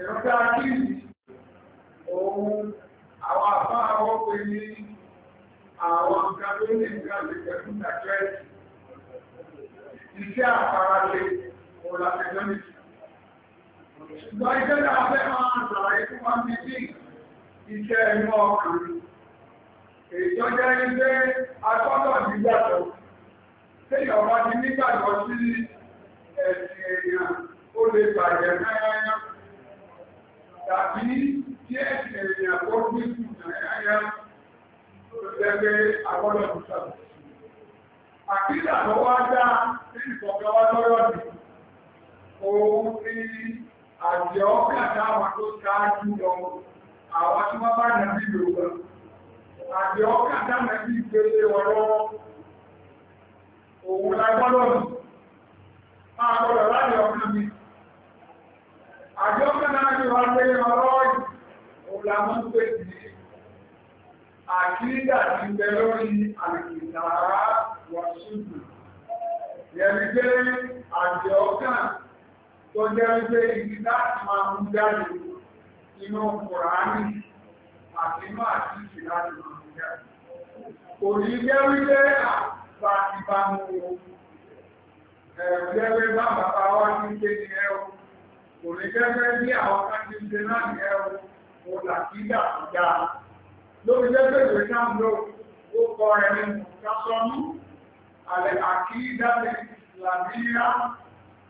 ìrọ́pẹ́ àkíyì ohun àwọn àbá àwọn pè ní àwọn nǹkan tó ní nǹkan lè pẹ̀lú ìdájọ́ iṣẹ́ àfaralẹ̀ ọ̀la tẹ̀lẹ́mìtì ṣùgbọ́n iṣẹ́ náà fẹ́ máa ń sàlàyé fún wa ní bí iṣẹ́ ẹ̀mí ọkàn èyí ọjọ́ ilé agbọ́dọ̀ nígbàgbọ́ téèyàn bá ti nígbàgbọ́ sí ẹ̀sìn èèyàn ó lè bàjẹ́ náírà tàbí tí ẹ̀sìn ènìyàn kó ní ìsìnkú ẹ̀yà lẹ́gbẹ́ agbọ́dọ̀ tó sàbẹ̀. Àkídà tó wá dá sí ìfọ̀kẹ́ wá lọ́rọ̀ nì, òun ni àjẹ́ ọ́kàtà àwọn tó ṣáájú lọ, àwọn tí wọ́n bá nàbí lògbà. Àjẹ́ ọ́kàtà nàbí ìgbélé wọn lọ́wọ́, òun la gbọ́dọ̀ Máa gbọ́dọ̀ láti ọkàn mi àjọ́kẹ́ náà ti wá pé ọ̀rọ̀ òlàmọ́ pé sí àkídà ti bẹ lórí àìkìtàrà wàṣùgbù yẹni pé àjọ́kẹ́ tó jẹ́ wípé ìgbìdá máa ń jáde inú kùránì àti inú àtìsí láti máa ń jáde kò ní jẹ́ wípé àbá ìbámu ẹ̀rù jẹ́ wípé bá bàbá wá ní kéde ẹ̀rù kò lè gẹ́gẹ́ bí àwọn kájíǹde náà ní ẹ̀rọ kò làkídà kò dáa lórí gẹ́gẹ́ ìwé náà ló ó kọ ẹni kásánú àlẹ́ àkídà lè làmíyá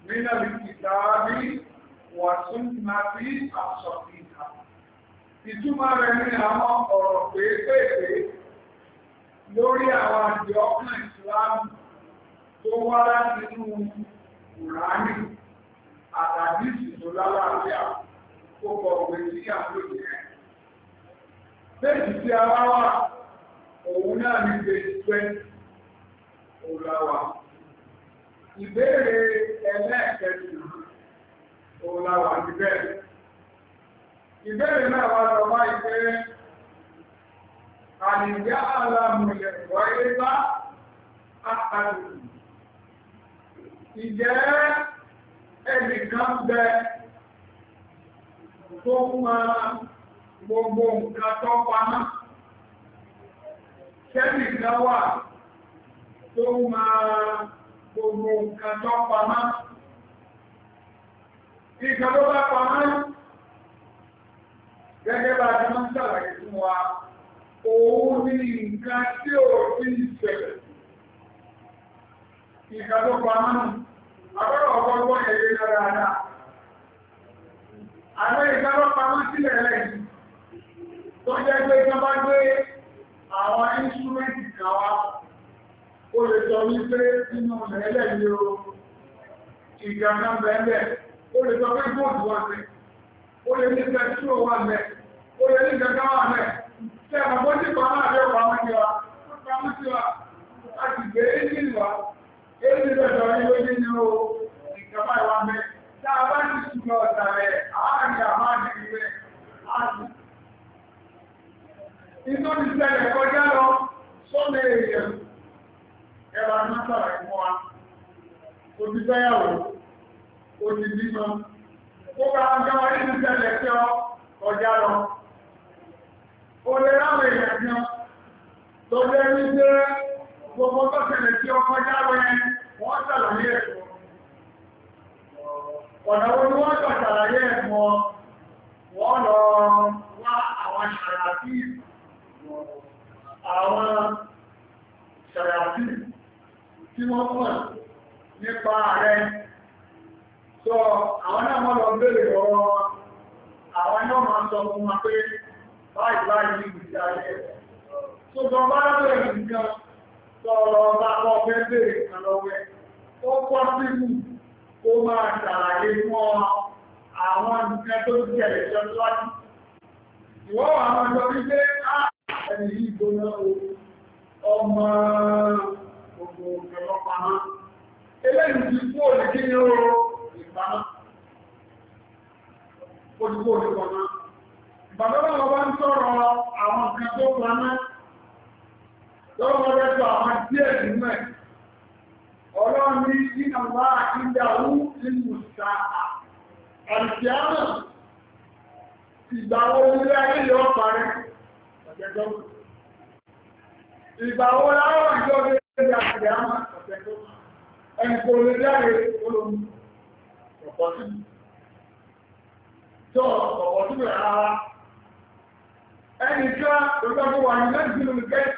nínú ìkìtàbí wàsún máa fi àṣọ ìhà ìtumọ̀ rẹ̀ ní àwọn ọ̀rọ̀ pépèpé lórí àwọn àjọ ọkùnrin ìsìlámù tó wá láti inú Kùránì. àdíṣì tó lálàáfíà kó kọ òwe sí àlóyè ẹ̀. Béèjì tí a wá wà, òun náà ní pé òun la Ìbéèrè ẹlẹ́ẹ̀kẹsì òun la wà Ìbéèrè náà wà lọ bá ìpé àlìyá alámùlẹ̀ wáyé bá àkàlù. Ìjẹ́ ẹnìkan bẹ tó máa gbogbo nǹkan tó pamọ́ kẹ́nìkan wà tó máa gbogbo nǹkan tó pamọ́ nǹkan tó bá pamọ́ gẹ́gẹ́ bá ti máa ń ṣàlàyé fún wa òun ni nǹkan tí ò fi ìṣẹ̀lẹ̀ nǹkan tó pamọ́ nù. Àbọ̀rọ̀ ọgbọ́gbọ́n ẹ̀yẹ náà dáadáa. Àwọn ìgbàlọ́ pamọ́ sílẹ̀ rẹ̀ yìí. Tó jẹ́ pé tó bá gbé àwọn inṣúmẹ́ntì kan wá. Ó lè sọ wípé nínú ẹ̀lẹ́ ni o, ìgbà náà bẹ̀ẹ́lẹ̀. Ó lè sọ pé góòdù wà mẹ́. Ó lè ní pẹ̀tró wà mẹ́. Ó lè ní gàgá wà mẹ́. Ṣé àmọ́ bó ti pamọ́ àbẹ́ Èyí bẹ̀rẹ̀ ọ̀rẹ́ ló o, ìjọba ìwà mẹ́. Tá ọ̀tà rẹ̀, àárín àwọn àdìrí rẹ̀, àti. Iná ti ṣẹlẹ̀ kọjá lọ, sọ́nà èèyàn. Ẹ̀rọ anáṣàrà ìmọ̀ wa. Ojú fẹ́yàwó, ojú kọjá lọ. gbogbo tó ṣẹlẹ̀ tí ọkọ̀ jáwé wọ́n ṣàlàyé ẹ̀kọ́ ọ̀nà wo ni wọ́n tọ̀ ṣàlàyé ẹ̀kọ́ wọ́n lọ wá àwọn ṣàyàtì àwọn ṣàyàtì tí wọ́n mọ̀ nípa rẹ̀ sọ àwọn náà mọ́ lọ bèèrè ọ̀rọ̀ àwọn náà máa sọ fún wa pé báyìí báyìí sọ̀rọ̀ ọba kọ́ fẹ́ bèèrè kan lọ́wọ́ máa ṣàlàyé àwọn nǹkan tó ti ẹ̀rẹ̀ jọ lọ́dí. Ìwọ́ àwọn ọjọ́ wípé á yìí gbóná o, ọmọ gbogbo ìrọ̀pamọ́. Eléyìí ti kú òní kí ni ó ti kú òní lọ́wọ́ lẹ́tọ̀ àwọn díẹ̀ nínú ẹ̀ ọlọ́run ní iná wá ìdáwó nínú ìta àrùkíámà ìgbà wo ilé ayé yọ parí ọ̀jẹ̀dọ́ ìgbà wo láwọn ìjọ ilé ayé àrùkíámà ọ̀jẹ̀dọ́ ẹni kò lè jáde olóhùn ọ̀pọ̀ sí tó ọ̀pọ̀ sí rẹ̀ rárá ẹnìkan lọ́gbàgbọ́ wà ní mẹ́rin nínú ìkẹ́yìn.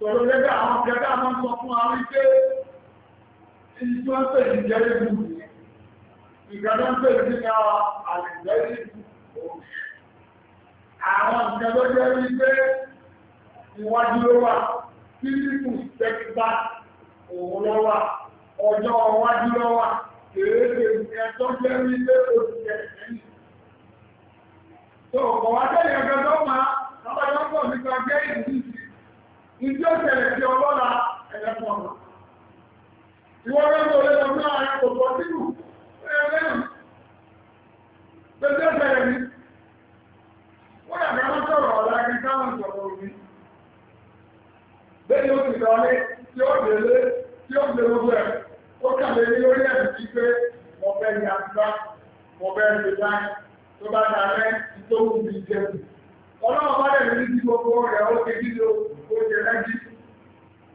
Pẹ̀lú gẹ́gẹ́ àwọn gẹ́gẹ́ àwọn sọ fún àwọn ike ìjú ń pè ní jẹ́rẹ́ ìlú. Ìgbẹ́jọ́ ń pè ní ní àlẹ́jẹ́ ìlú. Àwọn ìgbẹ́jọ́ jẹ́ wípé ìwájú ló wà, fílípù tẹ́kíbá òun lọ wà, ọjọ́ iwájú lọ wà, èrè ẹ̀tọ́ jẹ́ wípé oṣù kẹ̀kẹ́ So, ọ̀wá máa, ọba yọ́pọ̀ nípa jẹ́ ìlú ìdí ọ̀sẹ̀lẹ̀ tí ọlọ́la ẹ̀lẹ́fún ọ̀nà. Ìwọ́n rẹ̀ tó lẹ́nu ní ààrẹ kò tọ́ sínú ẹ̀lẹ́nu. Gbẹ́gbẹ́ ọ̀sẹ̀lẹ̀ ni, wọ́n dàgbà wọ́n sọ̀rọ̀ ọ̀la kí káwọn sọ̀rọ̀ òní. Bẹ́ẹ̀ni ó ti dọ̀lé tí ó délé tí ó dé gbogbo ẹ̀. Ó kàlẹ́ ní lórí ẹ̀ sí pé mo fẹ́ ní àtúbá, mo fẹ́ ní báyìí tó bá dàrẹ́ ìtòkùn mi jẹun ọlọ́run bá dẹ̀ lórí tí gbogbo rẹ̀ ó ṣe kí ló ó ṣe rẹ́jí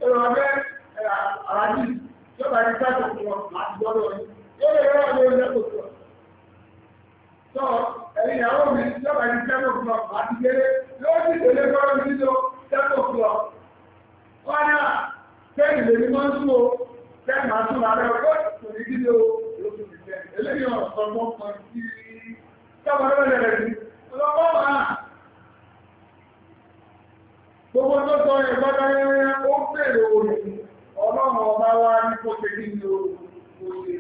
ẹ̀rọ ọgbẹ́ àrájì yóò bá ti sáàtò fún ọ láti gbọ́dọ̀ yóò lè rọ́ ọdún ilé kò tó sọ ẹ̀yìn ìyàwó mi yóò bá ti sáàtò fún ọ láti gbére yóò sì tẹ̀lé gbọ́dọ̀ mi nílò sáàtò fún ọ wọn ní à sẹ́yìn lèmi máa ń sún o sẹ́yìn máa sún lálẹ́ o yóò sì tẹ̀lé kí ló ló fi tẹ̀lé eléyìí ọ̀rọ̀ sọ Gbogbo tó sọ yẹn gbọ́dọ̀ yẹn ó bèrè orí ọlọ́run ọba wa ní kó ṣe kí ni o kó ṣe.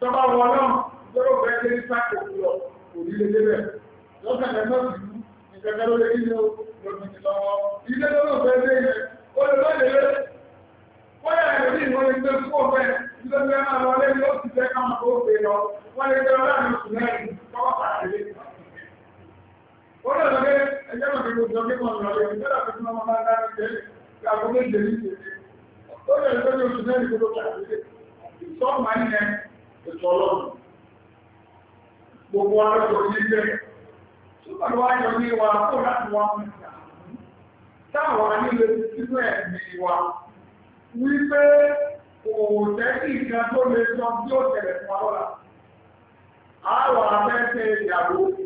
Tọ́ba wọ náà gbọ́dọ̀ bẹ́ẹ̀ ṣe ní sáàkó lọ òní lè débẹ̀. Lọ́sàn ẹ̀ náà sì ní ìṣẹ̀kẹ́ ló lè kí ni o lọ́sàn ti lọ́wọ́. Ilé tó lọ́sàn ẹ̀ lé ó lè má lè lé. Wọ́n yà ẹ̀rọ ní ìwọ́n lè fún ọ̀fẹ́ ìdílé fẹ́ máa lọ lé ní ó lè lọ pé ẹjẹ́ mọ̀ pé gbogbo ọjọ́ mọ̀ lọ yẹ ìjọba pé kí wọ́n máa dá ní jẹ́ àgọ́ méje ní ìṣẹ̀lẹ̀ ó lè lọ pé oṣù mẹ́rin gbogbo kàdé sọ ma ń yẹ ètò ọlọ́run gbogbo ara kò ní bẹ́ẹ̀ súpà ló wá yọ ní wa kó láti wá mú ìgbà táwọn nílé sínú ẹ̀mí wa wípé kò jẹ́ kí nǹkan tó lè sọ bí ó tẹ̀lé fún wa lọ́la àwọn abẹ́sẹ̀ ìyàwó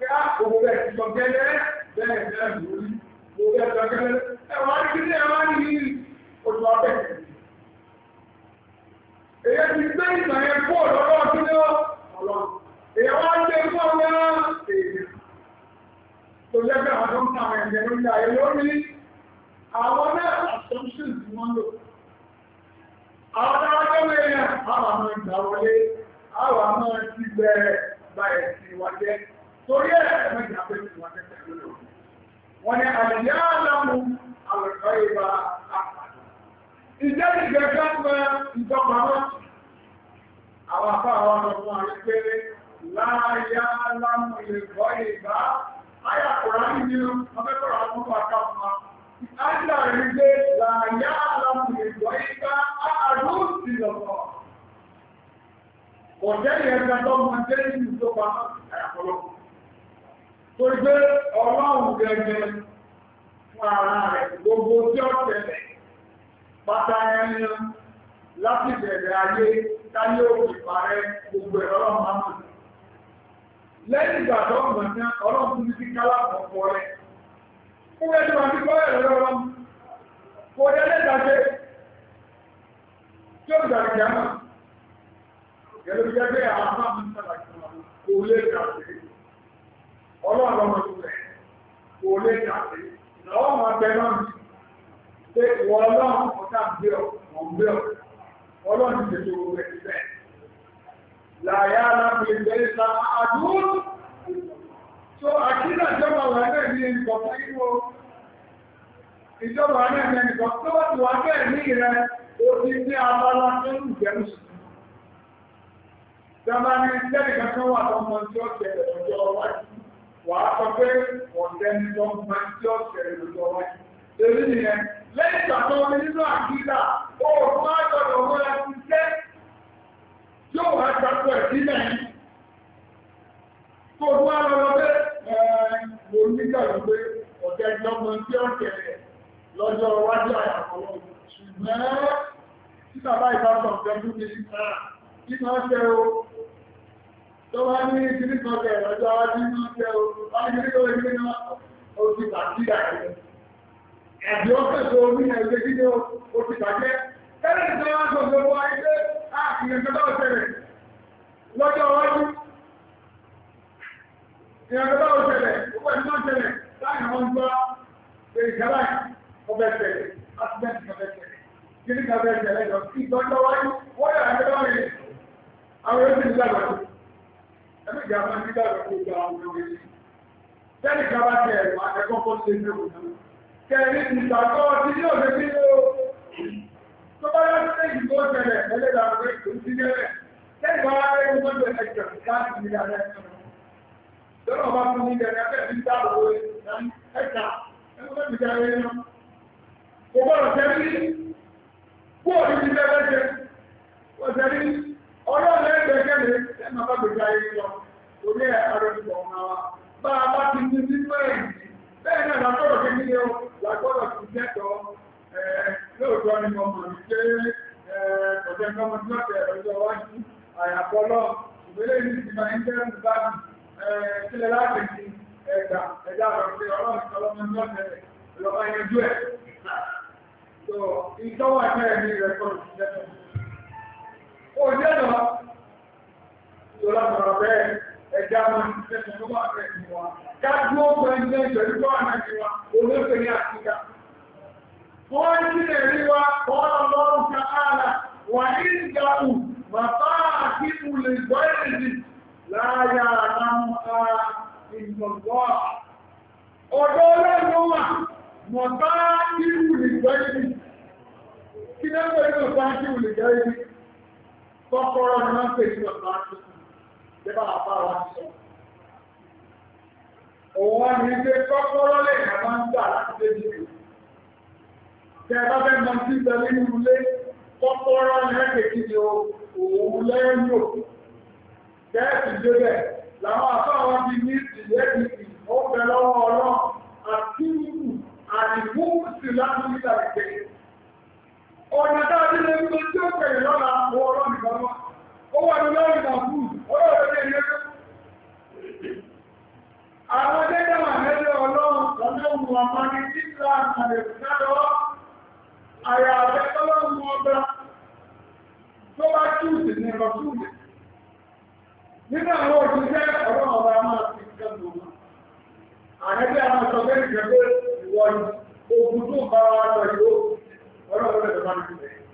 yá òwò rẹ̀ ti jọ gẹ́gẹ́ bẹ́ẹ̀ bẹ́ẹ̀ lórí òwò rẹ̀ jọ gẹ́gẹ́ ẹ̀wọ̀n á ní ẹ̀wọ̀n á ní oṣù ọ̀bẹ. èyẹ ti gbé ìgbà yẹn kó lọ́wọ́ kí ló ọ̀lọ́ èyẹ wá ń gbé fún ọ̀gá èyẹ tó yẹ kí àwọn tó ń ta àwọn ẹ̀jẹ̀ lórí ayé lórí torí ẹ̀ mẹ́jọ abẹ́rẹ́ wọn tẹ́tẹ́ lórí wọn ni àyè àlámù àwẹ̀kọ́ ìwà àpàdé ìjẹ́ ìgbẹ́gbẹ́ pé ìjọba wọn àwọn afọ àwọn ọmọ fún wa pé láyé àlámù ìlẹ̀kọ́ ìgbà ayàkùnrin nínú ọmọkùnrin àwọn ọmọ àkàfọ́ wa. Ájá rí gbé láyá aláwọ̀ ìgbọ́ ìgbá àárún sí lọ́pọ̀. Kò jẹ́ ìrẹ́gbẹ́ tó mọ jẹ́ ìlú tó pa àyàfọ́lọ́pọ̀ torí pé ọlọ́run gẹ́gẹ́ fún ara rẹ̀ gbogbo tí ó tẹ̀lẹ̀ pátá ẹni láti bẹ̀rẹ̀ ayé táyé òkè parẹ́ gbogbo ẹ̀rọ ọlọ́run máa mọ̀ lẹ́yìn ìgbà tó mọ̀ ní ọlọ́run tún ti kálá ọ̀pọ̀ rẹ̀ fún ẹni wọn ti kọ́ ẹ̀rọ ọlọ́run kò yẹ lẹ́ta ṣe tí ó gbàgbé àmọ́ yẹ́n ló fi jẹ́ pé àwọn máa ń sàlàyé kò lè kà ọlọ́run ọmọ rẹ̀ kò lè dàbí ìnáwó máa bẹ náà ní pé ìwọ ọlọ́run ọ̀tá ń gbé ọ̀ mọ̀ ń gbé ọ̀ ọlọ́run ti tètè owó rẹ̀ síbẹ̀. Làyà alábìlẹ̀ ìgbẹ́lẹ̀ ta àdúró. So àkílà ìjọba wà náà ní nǹkan fún ìwọ. Ìjọba wà náà ní nǹkan tó bá ti wà bẹ́ẹ̀ ní ìrẹ òbí ní abala tó ń jẹun sùn. Ìjọba wàá sọ pé ọ̀tẹ́ni tó ń bá tí ọ̀sẹ̀ lójọ wájú. Èmi nìyẹn lẹ́yìn ìgbàgbọ́ mi nínú àkídà ó má gbọdọ̀ múra sí iṣẹ́ yóò wá gbàgbọ́ ẹ̀ sílẹ̀ yìí. Kò wá lọ lọ pé mo ní gbàgbọ́ pé ọ̀tẹ́ni tó ń bá tí ọ̀sẹ̀ lọ́jọ́ wájú àyàfọ́ ṣùgbọ́n o tó wá ní ìdílé kan tẹ̀ lọ́jọ́ wájú ní ọjọ́ ìdílé kan ìdílé náà ó ti bàtíyà rẹ̀. Ẹ̀bí ó fẹ̀sọ̀ orí ẹgbẹ́ gídé ó ti bàjẹ́. Tẹ́lẹ̀ tí wọ́n sọ gbogbo ayé pé àfihàn tó bá ṣẹlẹ̀ lọ́jọ́ wájú. Ìyàn tó bá ṣẹlẹ̀, ó pẹ̀lú máa ṣẹlẹ̀ láàrin àwọn gbọ́ pé ìjọba ọbẹ̀ ṣẹlẹ̀, accident ọbẹ̀ ṣẹlẹ̀. Kí ni kàbẹ̀ ṣẹlẹ̀ lọ ẹgbẹ́jà máa ní gbàgbọ́ gbogbo àwọn ọmọ ẹni tẹ́lì kaba tẹ ẹ̀rọ akẹ́kọ̀ọ́ ṣe ní òun náà kẹrin ìgbàgbọ́ ti ní òde bí ó tó bá yọ sí èyí tó ṣẹlẹ̀ ẹlẹ́dà rẹ̀ tó ti gẹ́rẹ̀ tẹ́lì kaba rẹ̀ ń gbọ́dọ̀ ẹ̀jẹ̀ láti ní ìdájọ́ lọ́nà bá fún ní ìdájọ́ ẹ̀fẹ́ ní dáàbò ẹ̀ka ẹ̀kọ́ Ọlọ́run ẹgbẹ̀kẹ́lẹ̀ ẹ̀mà bá gbèjà ayé lọ orí ẹ̀ arẹ́sọ̀ ọ̀nà wa a bá ti ní nínú ẹ̀yìn bẹ́ẹ̀ o lágbọ́dọ̀ ti jẹ́tọ̀ lóòótọ́ ni mo mọ̀ ní pé ọ̀jẹ̀ nǹkan mo ti lọ́tẹ̀ ọjọ́ iwájú àyàfọ́ lọ ìwélé ní ìgbìmọ̀ ẹ̀ ń jẹ́ ìbáàbí sílẹ̀ láti di ẹ̀dà ẹ̀dà ọ̀rọ̀ ọlọ́run ọlọ́run ní ọ̀tẹ̀ lọ́wọ́ ẹ̀yẹ́jú ẹ̀ ìtọ́wọ́ ẹ̀fẹ́ ẹ̀mí lọ tó látara bẹ́ẹ̀ ẹja máa ń ṣiṣẹ́ tó wà bẹ́ẹ̀ ni wa kájú ọgbà ẹgbẹ́ ìṣẹ̀lú tó wà náà ni wa olóṣèlú ní àfíríkà. wọ́n ń kí lè rí wa wọ́n lọ́rùn ká ààlà wà ní ìgbàlù bàbá àkíkù lè gbọ́ èdè bá a bá wa sọ. Òun wá ní pé kọ́kọ́rọ́ lè yàn máa ń gbà láti lé jìbì. Tẹ bá fẹ́ mọ sí ìgbà nínú ilé, kọ́kọ́rọ́ lẹ́kẹ̀kí ni òun lẹ́yìn Tẹ́ẹ̀sì débẹ̀ làwọn àfáwọn ti ní ìyẹ́dìdì ó bẹ lọ́wọ́ ọlọ́run àti ìlú àdìmú sí láti nígbà ìgbẹ́. Ọ̀nà táà nílé ń gbé tí ó kẹ̀yìn lọ́la àwọn ọlọ́run ìgbọ́n ó wà ní lọ́rùn ìdàmú ọlọ́rọ̀ ọdẹ ilé tó. Àwọn dẹ́dẹ́ wà lẹ́lẹ́ ọlọ́run lọ́lọ́run ọmọ ní títà àlèkùnlọ́wọ́ àyà àbẹ́ tọ́lọ́run ọba tó bá túùsì ní ẹ̀rọ túùsì. Nínú àwọn òṣìṣẹ́ ọ̀rọ̀ ọba máa ti kẹ́kọ̀ọ́ wọn. Àrẹ́bí àwọn sọ̀gbẹ́ni kẹ́kọ̀ọ́ ìwọ̀nyí ogun tó bá wa lọ yóò ọlọ́run ọdẹ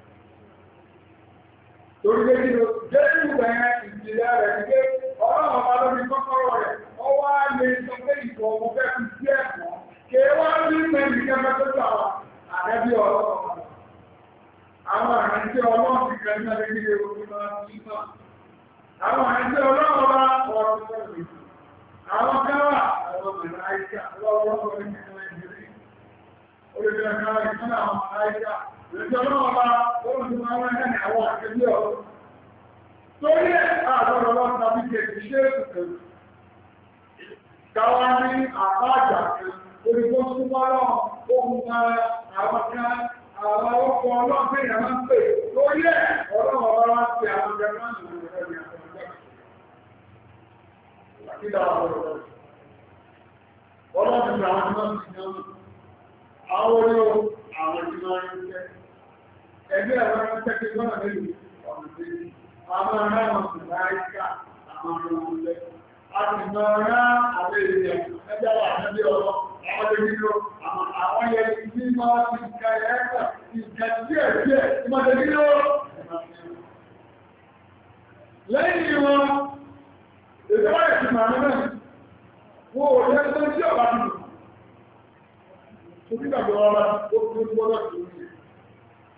torí pé kí ló jésù gbẹ̀yẹn ìjìyà rẹ̀ ní pé ọlọ́run ọba lórí kọ́kọ́rọ́ rẹ̀ ọ wá lè sọ pé ìfọ̀ ọmọ fẹ́ fi sí ẹ̀kọ́ kí ẹ wá ní mẹ́rin kẹfẹ́ tó gbà wá àdẹ́bí ọlọ́run àwọn àrẹ́sí ọlọ́run ti kẹ́ ní ọdún ilé ogun máa ń bí náà àwọn àrẹ́sí ọlọ́run ọba ọ̀rọ̀ tó lè àwọn káwà àwọn mẹ́rin àìsà lọ́wọ́ lọ́wọ́ Torí ẹ̀ àgbọ̀rọ̀ lọ tàbí kèkì ṣe èkùnkùn. Káwá ní àbájà kan, orí tó súnmọ́ lọ, ohun àwọn kan, àwọn ọkọ̀ ọlọ́pẹ́ ìyà máa ń pè. Torí ẹ̀ ọlọ́wọ̀ ọlọ́wọ́ ti àwọn jẹ máa ń lò ẹ̀rẹ̀ àwọn ọlọ́pẹ́. Àkídà ọlọ́pẹ́ ẹgbẹ́ ẹ̀rọ tẹ́kẹ́ lọ́nà mélòó ọ̀nà tí àwọn ará wọn sì bá ìka àwọn ará wọn lẹ. a sì mọ ará àwọn èèyàn ẹgbẹ́ wà nílé ọ̀rọ̀ àwọn ọdẹ nílò àwọn yẹn tí máa ti ka ẹ̀ẹ́kà ìka díẹ̀ díẹ̀ tí máa tẹ̀ nílò. lẹ́yìn wọn ìjọba ìsìn màmí náà wọn ò lẹ́sọ̀ tí ọ̀bá tuntun. Òkúta gbọ́dọ̀ ọba ó fi gbọ́dọ̀ tó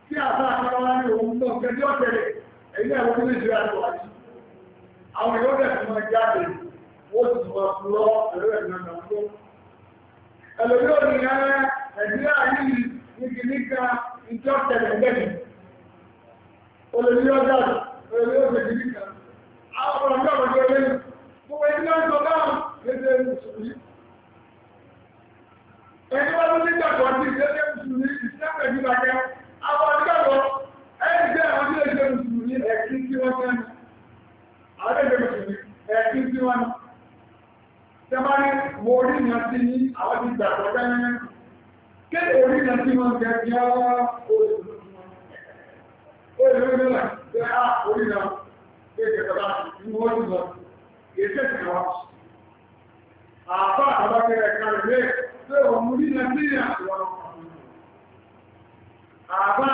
tí àbá àtàwọn ní òun mọ́ kẹjọ́ tẹ̀lẹ̀ èyí náà wọ́n ní ìjìyà tó wáyé àwọn yóò dẹ̀ fún ọjà rẹ̀ ó sì mọ̀ lọ ẹ̀rọ ẹ̀nà náà tó ẹlòmí ò ní ẹrẹ nàìjíríà yìí ní kìníkà ìjọ tẹ̀lẹ̀ lẹ́yìn olèmí ọjà olèmí ọjà kìníkà àwọn ọmọ ọjọ́ ọjọ́ lẹ́yìn gbogbo ẹni náà ń sọ náà lédè mùsùlùmí ẹni wọ́n tún ní ìjàpọ̀ sí ìdẹ́gbẹ́ mùsùlùmí ìsìnkú ẹ̀jú tẹ́bárí wo orí ìyàn sí ní àwọn ti gbà tó bẹ́ẹ̀ ké orí ìyàn sí wọn jẹ́ bí ọwọ́ olùdókòwò náà ṣe á orí náà ṣe kẹ̀kẹ́ bá ní wọ́n ti lọ ètò ìsìn wọn. àbá àbá kẹrẹ kan lè ṣe òun ní nàìjíríà wọn. àbá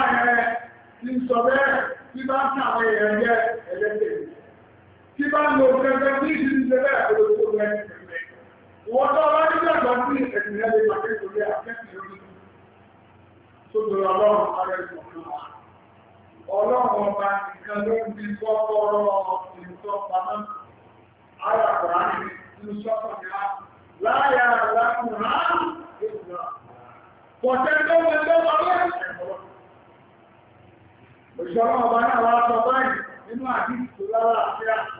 wọ́n tó wá ní ìgbàgbọ́ sí ẹ̀sìn rẹ̀ lè máa tẹ̀sán lé akẹ́kọ̀ọ́ lórí tó dọ̀rọ̀ ọlọ́run ara ẹ̀sìn fún wa. ọlọ́run ọba nìkan ló ń bí kọ́kọ́rọ́ ìtọ́ pamọ́ ara àkùrá ní inú sọ́kàn ní a láyà lákùnrá náà. wá sọ báyìí nínú àdìsí lára àti àti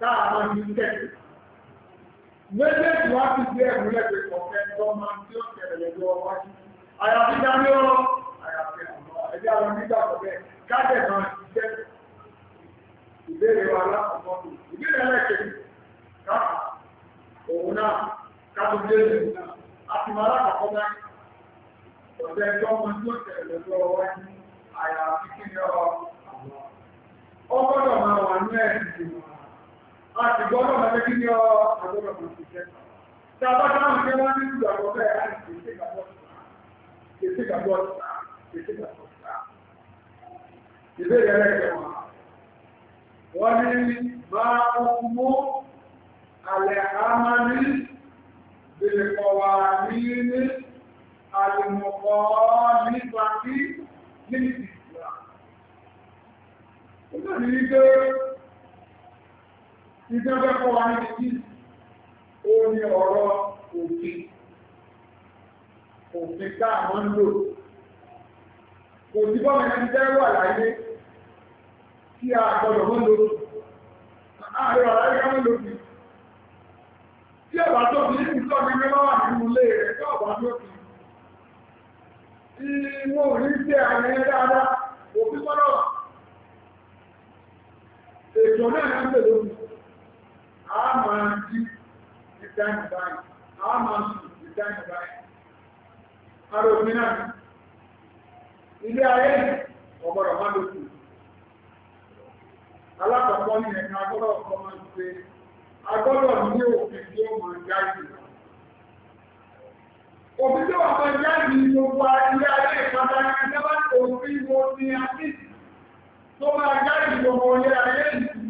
táà máa ń tẹ̀lé. méjèèjì wá ti gbé ẹ̀rù lẹ́gbẹ̀ẹ́ kọ̀ọ̀kẹ́ tó máa ń tí ó tẹ̀lé lẹ́gbẹ̀ẹ́ ọwọ́ wájú. àyàfi dání ọ̀rọ̀ àyàfi àwọn ẹgbẹ́ àwọn onígbàgbọ́ bẹ́ẹ̀ kájẹ̀ náà ti jẹ́ ìbéèrè wa lákòókò ìbéèrè ẹlẹ́kẹ̀ẹ́ káà òun náà káàtó béèrè náà àti màá lákòókò náà ọ̀dẹ́ tó máa ń tó tẹ̀lé lẹ́gbẹ̀ẹ́ ọwọ́ wájú àyàfi kí ni ọ ọgbọ́dọ̀ máa wà ní ẹ̀sìn ìgbìmọ̀ a ti gbọ́dọ̀ mẹ́fẹ́ kí ni ọ àgbọ́dọ̀ mọ̀ sí jẹ́. Tí a bá dáhùn pé wọ́n ní ìlú àwọn ọ̀fẹ́ àti kèsè gàbọ́ kèsè gàbọ́ kèsè gàbọ́ ìbéèrè rẹ̀ kẹ̀ wọ́n. Wọ́n ní máa kúkú mú alẹ́ àmàlí bèrè kọ̀ wá ní ní àlùmọ̀kọ́ nípa kí ní ìsìlá. Ó náà ìdí ọjọ́ kọ́ wa ní ti ó ní ọ̀rọ̀ òfin òfin tá a máa ń lò kò sí bọ́ mẹ́rin jẹ́ wà láyé kí a gbọ́dọ̀ mọ́ lò ààrẹ ọ̀rọ̀ ayé ká mọ́ lò sí tí ọ̀bà tó fi ní ìtọ́ mi mẹ́wàá wà nínú ilé rẹ̀ tí ọ̀bà tó fi inú orí sí àárín dáadáa òfin gbọ́dọ̀ ètò náà ń pè lórí a máa jí ìdáyìn báyìí a máa sùn ìdáyìn báyìí ara òfin náà ilé ayé ọ̀gbọ̀rọ̀ má ló kù alákọ̀ọ́kọ́ ní ẹ̀ka agbọ́dọ̀ ọkọ̀ máa ń pe agbọ́dọ̀ ní òfin ayé ìjọba ayé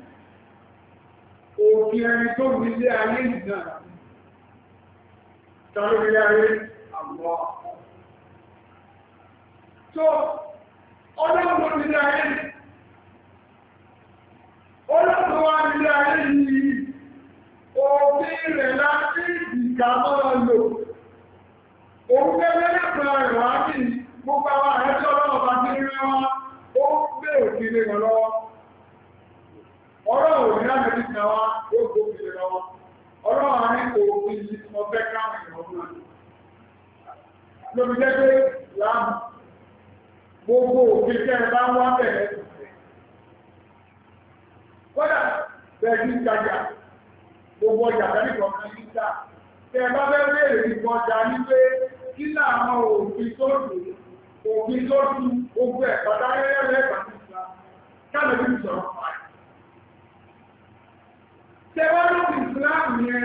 òfin ẹni tó ní ilé ayé ìdàn tàbí ayé àwọ̀ tó ọlọ́pọ̀ ní ilé ayé ọlọ́pọ̀ wá ní ilé ayé yìí òfin rẹ̀ láti ìgbà máa lò òun gẹ́gẹ́ gbogbo àwọn ti rí wọn ó gbé òfin lè wọ́n lọ́wọ́ ọ̀rọ̀ òmìnira mẹ́rin ti náwá yóò gbóbi lè lọ́wọ́ ọ̀rọ̀ àárín òògùn yìí tí wọ́n fẹ́ káwọn èèyàn ọdún náà lóbi jẹ́ pé láàmù gbogbo òfin tẹ́ ẹ bá ń wá bẹ̀rẹ̀ kódà bẹ̀rẹ̀ ní ìtajà gbogbo ọjà lẹ́nu kọ̀ọ̀kan ní ìta tẹ́ ẹ bá fẹ́ béèrè nǹkan ọjà ní pé kí làwọn òfin tó dùn tẹ́wọ́nù ìsìláàmù yẹn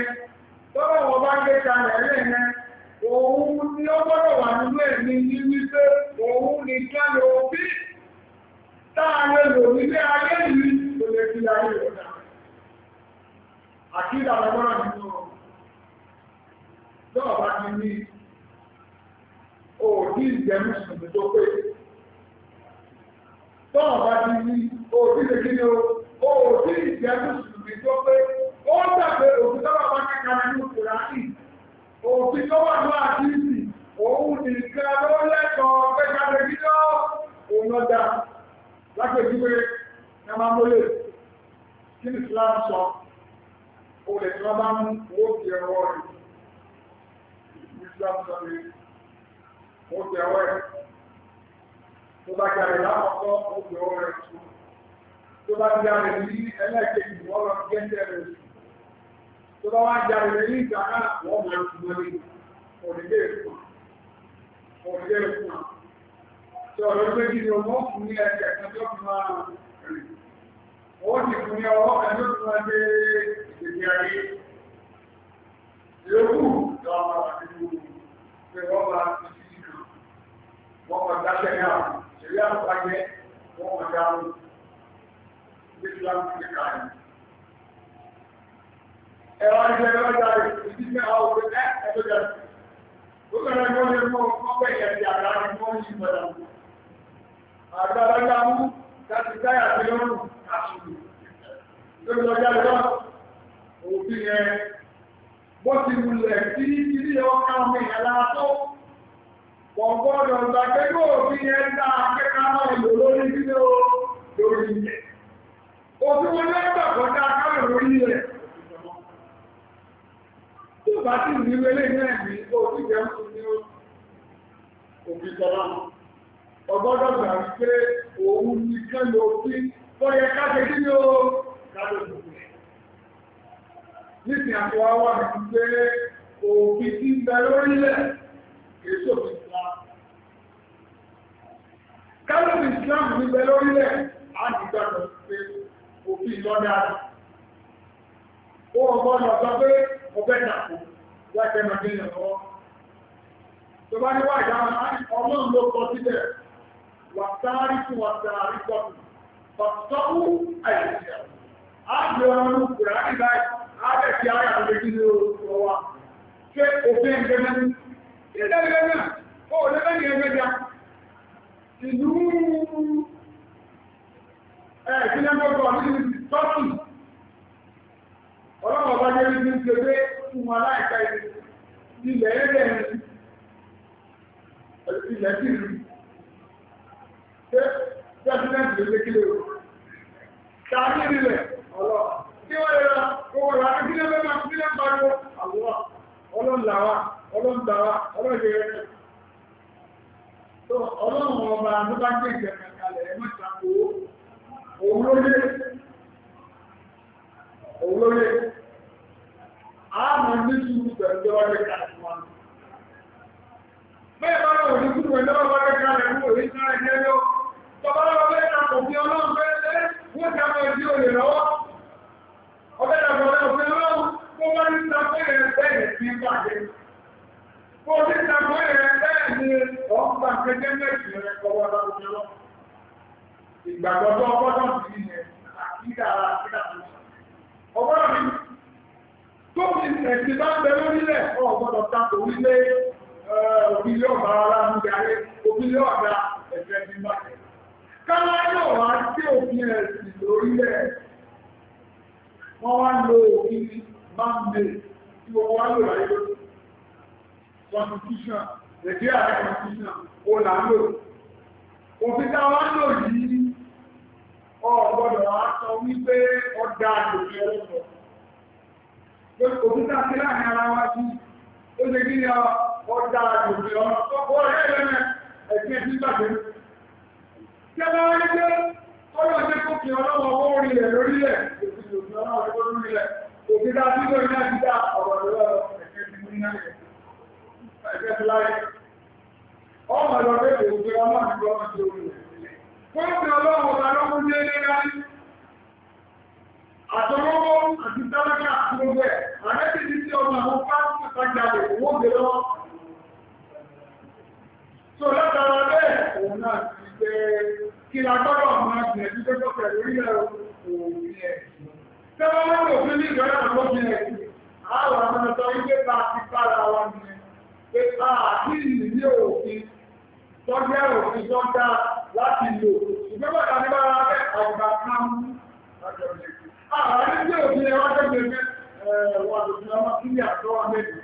tọ́wọ́ wọn bá gbé kalẹ̀ lẹ́yìn òun ni ó gbọ́dọ̀ wà nínú ẹ̀mí ní wípé òun ni kẹ́lẹ̀ òbí táàrẹ lò nílé ayé yìí kò lè fi ayé rẹ̀ dà àkídà lọ́wọ́rọ̀ nínú lọ́wọ́ bá ti ní òdí ìjẹmúsùn tó pé tọ́wọ́ bá ti ní òdí ìjẹmúsùn tó pé ó dàgbé òfin tọ́wọ́ bá kàkàrà ní kùránì òfin tọ́wọ́ ní àdìsí òun nìkan ló lẹ́kọ̀ọ́ pẹ́kàrẹ́ gídọ́ òun lọ́dà lápẹ̀júwe ní a máa mọ́lé kí ni Islam sọ olè tí wọ́n bá mú owó ti ẹ̀rọ rẹ̀ Islam sọ pé ó ti ẹ̀rọ rẹ̀ tó bá jáde lákọ̀ọ́kọ́ ó ti ẹ̀rọ rẹ̀ tó bá jáde ní ẹlẹ́ẹ̀kejì wọ́n lọ gẹ́gẹ́ rẹ̀ sí tó wá jà rẹ̀ ní wọ́n máa ń fún ní òrìlé ìfún òrìlé ìfún tí ọ̀rọ̀ pé ni ọmọ fún ní ẹ̀kẹ́ kan tó fi máa rìn ó sì fún ní ọwọ́ kan tó fi máa dé ayé yòókù lọ́wọ́ àti gbogbo pé wọ́n máa ti fi sí kan wọ́n máa dáṣẹ́ náà ṣèlú àpáyé wọ́n máa dáhùn nígbà tí wọ́n ti ẹ̀wọ̀n jẹ́ lọ́jà ìdí ní àwọn òfin ẹ̀ ẹ̀lọ́jà ó bẹ̀rẹ̀ ní oúnjẹ mọ́ ọgbẹ́ ìyẹ̀dì àgbà ní wọ́n yí padà àgbà lọ́jà mú láti táyà sí lọ́rùn láṣùlù lórí lọ́jà lọ́ òfin yẹn bó ti wulẹ̀ sí ilé ọkà omi ìyàlára tó wọ́n gbọ́dọ̀ gbàgbẹ́gbẹ́ òfin yẹn dá akẹ́kọ̀ọ́ náà lò o lórí ilẹ̀ òfin wọn lẹ́gbàgbọ́dá káàkiri bá tí nílé lè ní ẹ̀mí tó ti jẹ́ fún ní òbí tọ́lá. Ọgbọ́dọ̀ gbà wípé òun nìkan ló fi bọ́yẹ káṣe kí ni ó káṣe tó fi. Nísìn àti wá wà ní pé òbí ti ń bẹ lórílẹ̀ èso fi ta. Kálọ́bì Islam ní bẹ lórílẹ̀ á ní gbàgbọ́ pé òfin lọ́dà. Ó ọgbọ́dọ̀ sọ pé ọbẹ̀ nàkó láìpẹ́ máa gbé yàn lọ́wọ́. tó bá ní wà ìdáhùn ọlọ́run ló kọ síbẹ̀ wà sáárì fún wà sáárì pọ̀tù pọ̀tọ́kù àìsíà. a gbé ọrùn kùrà ní báyìí a bẹ̀ fi ara rẹ̀ kí ló rọ wa. ṣé òfin ẹgbẹ́ náà ní ìdẹ́gbẹ́ náà ó lẹ́gbẹ́ ní ẹgbẹ́ bíà. ìlú ẹ̀ẹ́dínlẹ́gbẹ́gbọ́ ní tọ́kì ọlọ́run ọba jẹ́ ní ti ń fún wọn láìpẹ́ ilẹ̀ ẹ̀rẹ̀ ilẹ̀ sí ìlú pé pẹ́sidẹ́ntì lè lékílé o tàbí ìrìnlẹ̀ ọlọ́ tí wọ́n yẹra owó rà kílé mẹ́ta kílé pariwo àwọ̀ ọlọ́làwà ọlọ́ndàwà ọlọ́yẹrẹ tó ọlọ́run ọba ló bá gbé ìjẹ̀kẹ̀ kalẹ̀ ẹ̀ mọ́ta owó òun ló lé òun ló lé àmà ma sùúrù pẹ̀lú ọwọ́ rẹ̀ kàlẹ̀ wọn. Bẹ́ẹ̀ bá ọrịa ọrịa tó fi ẹ̀sìn bá bẹ lórílẹ̀ ọ̀gbọ́dọ̀ tako wílé òbílẹ̀ ọ̀bá ara ń darí òbílẹ̀ ọ̀dà ẹ̀fẹ́ bí mákẹ̀. káwá yóò wá sí òfin ẹ̀sìn lórílẹ̀ wọ́n wá lo òfin bámbé tí wọ́n wá lò láyé lórí constitution èdè ààrẹ constitution ó là ń lò òfin táwa ń lò yìí ọ̀gbọ́dọ̀ wá sọ wípé ọ̀dà àgbègbè ọlọ́pàá òkúta sí láàrin ara wa sí ó ṣe kí ni ọjà àjòjì ọ̀nà tó kọ́ ọ̀rẹ́ ẹ̀rẹ́ ẹ̀sìn ẹ̀sìn gbàgbé tí a bá wá ní pé ọjọ́ ṣe kó fi ọlọ́wọ́ owó orí rẹ̀ lórí rẹ̀ òkúta sí ọlọ́wọ́ owó orí rẹ̀ òkúta sí lórí náà ti dá ọ̀rọ̀ lọ́wọ́ ẹ̀sìn ti ní náà ẹ̀sìn ti láyé ọmọ lọ pé òkúta ọmọ àti ọmọ ti orí rẹ̀ fún ìpín ọlọ́wọ́ ọba lọ́kún dé ní láyé àtọwọ́wọ́ àti tálákà àti gbogbo ẹ̀ wọ́n jalè wọ́n gbé lọ. tó látara bẹ́ẹ̀ òun náà ti gbé kí la gbọ́dọ̀ máa gbìyànjú tó tó pẹ̀lú ilẹ̀ ẹ̀. tẹ́ wọ́n òfin tó dá láti lò ṣùgbọ́n bàtà ní bára bẹ́ẹ̀ àgbà kan àwọn ilé òfin ẹ̀ wájú pé wọ́n lò ọmọ sílẹ̀ àtọ́wọ́ mẹ́rin.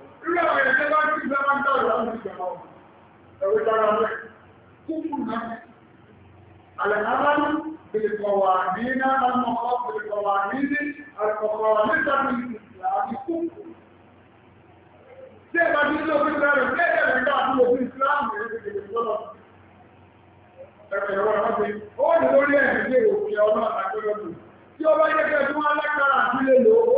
irú àwọn ẹ̀ṣẹ́ bá ti gbé máa ń dá ìlànà ìjọba ẹ̀rọ dára rẹ̀ kúkú náà alẹ́kàlálù bèlèkọ̀wà ní náà lọ́mọkọ́ bèlèkọ̀wà ní ní àrẹ̀kọ̀kọ̀wà ní sàmì ìsìláàmì kúkú tí ẹ bá ti ní òfin rẹ̀ pé ẹ̀rẹ̀ dá àti òfin ìsìláàmì rẹ̀ bèlèkọ̀wà lọ́lọ́ ẹ̀rọ wọn pé ó ní lórí ẹ̀rẹ̀ ilé òfin ọlọ́run àgbẹ̀lọ́dún tí ó bá yẹ kẹ́ tí wọ́n lágbára àti lè lò ó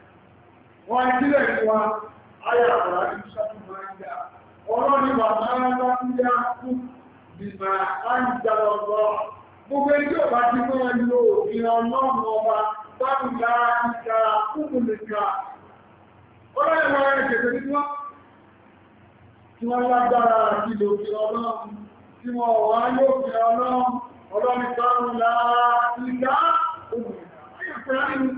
wọ́n ìdílé wa ayé àbúrà máa ń dá ọ̀rọ̀ ní bàbá bá ń yá kú bìbà á ń jà lọ́gbọ́ gbogbo ẹjọ́ bá ti lo òfin ọlọ́run ọba ọlọ́run tí wọ́n lágbára àti lòfin ọlọ́run tí wọ́n ọlọ́run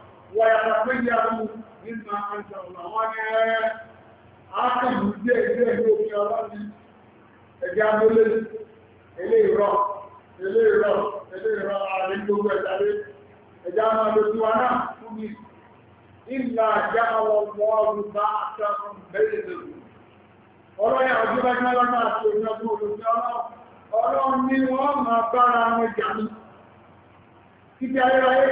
ويتخيروا مما أنزل الله وأنا أعتقد جاي جاي هو في أراني أجاب لي إليه رأى إليه رأى إليه رأى عليك وقت عليك أجاب لي وأنا أمي إلا جعل الله بعثهم بينهم ọ̀rọ̀ yà ọjọ́ bá jẹ́ lọ́nà àti òyìnbó olùsọ́ ọlọ́run ni wọ́n máa bára wọn jà ní títí ayérayé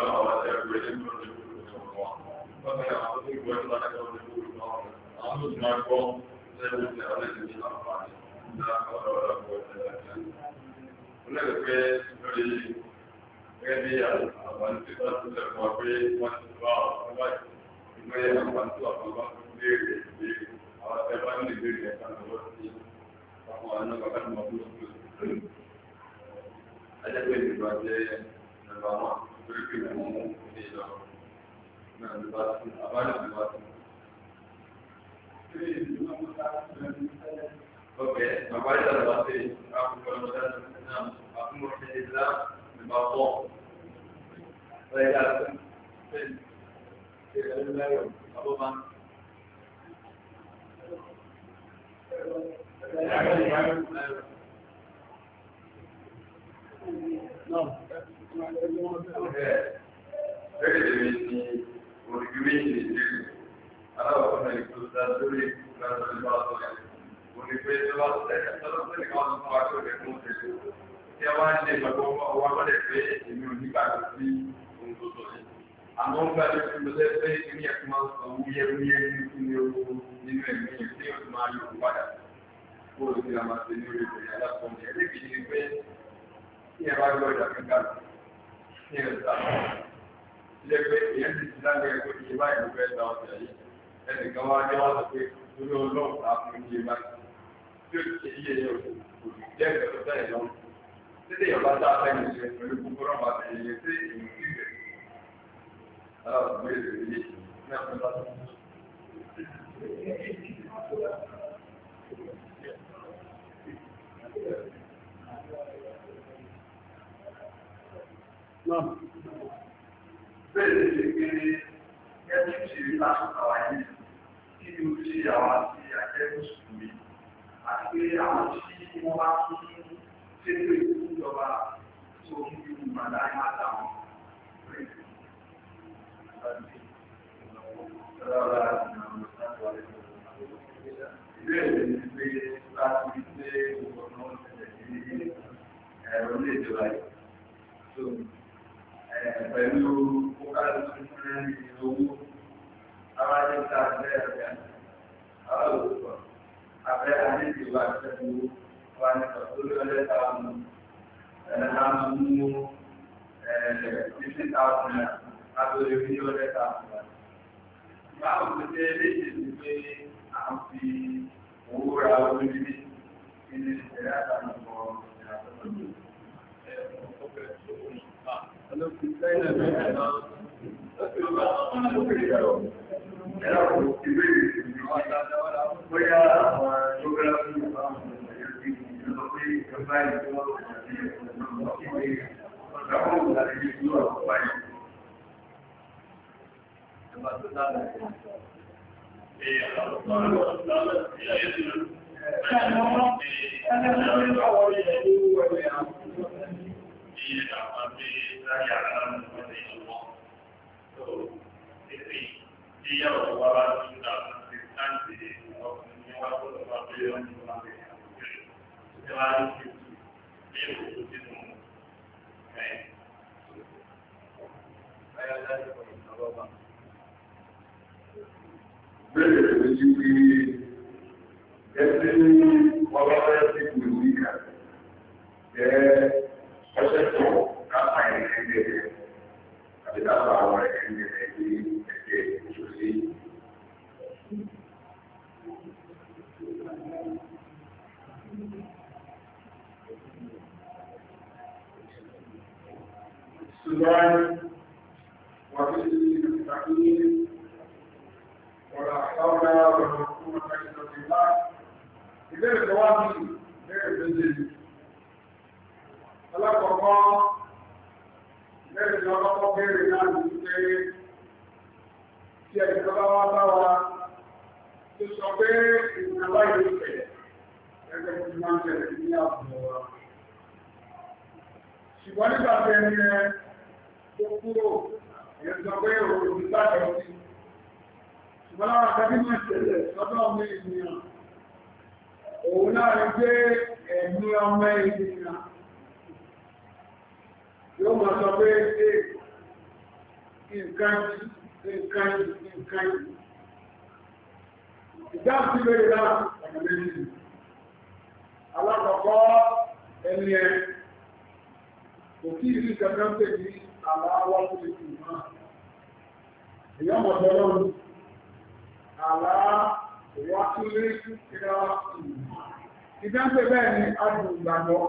ọlọ́run ọba tẹ̀ ẹ̀kú rẹ̀ nínú ọdún ìgbòho wọn. Wọ́n fẹ́ àwọn tó gbọ́ ẹ̀kú láti ọdún ìgbòho wọn. Àwọn tó ti máa gbọ́ ẹ̀kú tẹ̀ ọdún ìgbòho wọn. Ní ọ̀rọ̀ ọ̀rọ̀ ọ̀pọ̀ ẹ̀kú. Ó lẹ́gbẹ̀ẹ́ pé lórí gẹ́gẹ́ bí àwọn Ìgbẹ́ àwọn bóòlù tí a máa ṣe ní orí ìròyìn alákọ̀ọ́lẹ̀ ẹlẹ́kìí ni pé kí ẹ bá gbọ́ ìjà kíkà kí ẹ ta ilé pé èyàn ti ti dáná ẹgbẹ́ iye báyìí ló fẹ́ ta ọjà yìí ẹnìkan wá dé wá sọ pé lórí ọlọ́run ta fún iye báyìí tí ó ti ṣe iye yẹn kò sì jẹ́ ìgbẹ́ tó lọ́wọ́ títí ìyọ̀bá tá a fẹ́ nìyẹn pẹ̀lú gbogbo rọ́ọ̀bà tẹ̀lé sí náà Thank you. المستقيم ولا حول ولا قوة إلا بالله إذا الجواب غير بنزل alákọ̀ọ́kọ́ lẹ́yìn lọ́kọ́kọ́ bẹ̀rẹ̀ náà ní pé tí ẹ̀jẹ̀ lọ́wọ́ wá bá wa tó sọ pé ìrìnàlá yìí pẹ̀ ẹgbẹ́ tó máa ń tẹ̀lé ní àbúrò wa. ṣùgbọ́n nígbà tẹ̀lé ẹ tó kúrò ìyẹ̀dùn pé òòrùn ti sáàkẹ́ ọtí ṣùgbọ́n láwọn akẹ́kọ̀ọ́ ìṣẹ̀lẹ̀ lọ́dọ̀ mi ènìyàn òun náà rí pé ẹ̀mí ọmọ ènìyàn yóò máa sọ pé ṣe nǹkan yìí nǹkan yìí nǹkan yìí ìdáhùn sí lórí náà ọ̀nà méjì alákọ̀ọ́kọ́ ẹni ẹ̀ òkú ìlú kankan pè ní aláwọ̀ tó lè fi mọ́ èyí ọmọ ọrụ ala aláwọ̀ tó lè fi kíra ìmọ̀ ìdáńpẹ̀ bẹ́ẹ̀ ni adùngbàgbọ́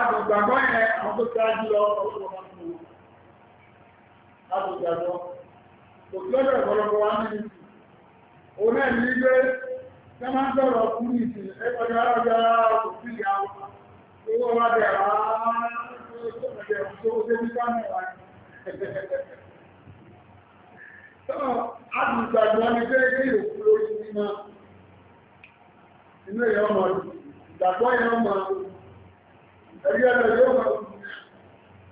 adùngbàgbọ́ yẹn àwọn tó ṣáájú lọ ọlọ́pàá máa Owó wa bẹ̀ wá tó ṣe ní kámẹ́rà. Tọ́nà àdùgbàgbọ́ ni pé kí ìròkú lórí nínú inú èèyàn ọmọ ìgbàgbọ́ èèyàn ọmọ ẹ̀rí ẹ̀rọ yóò mọ̀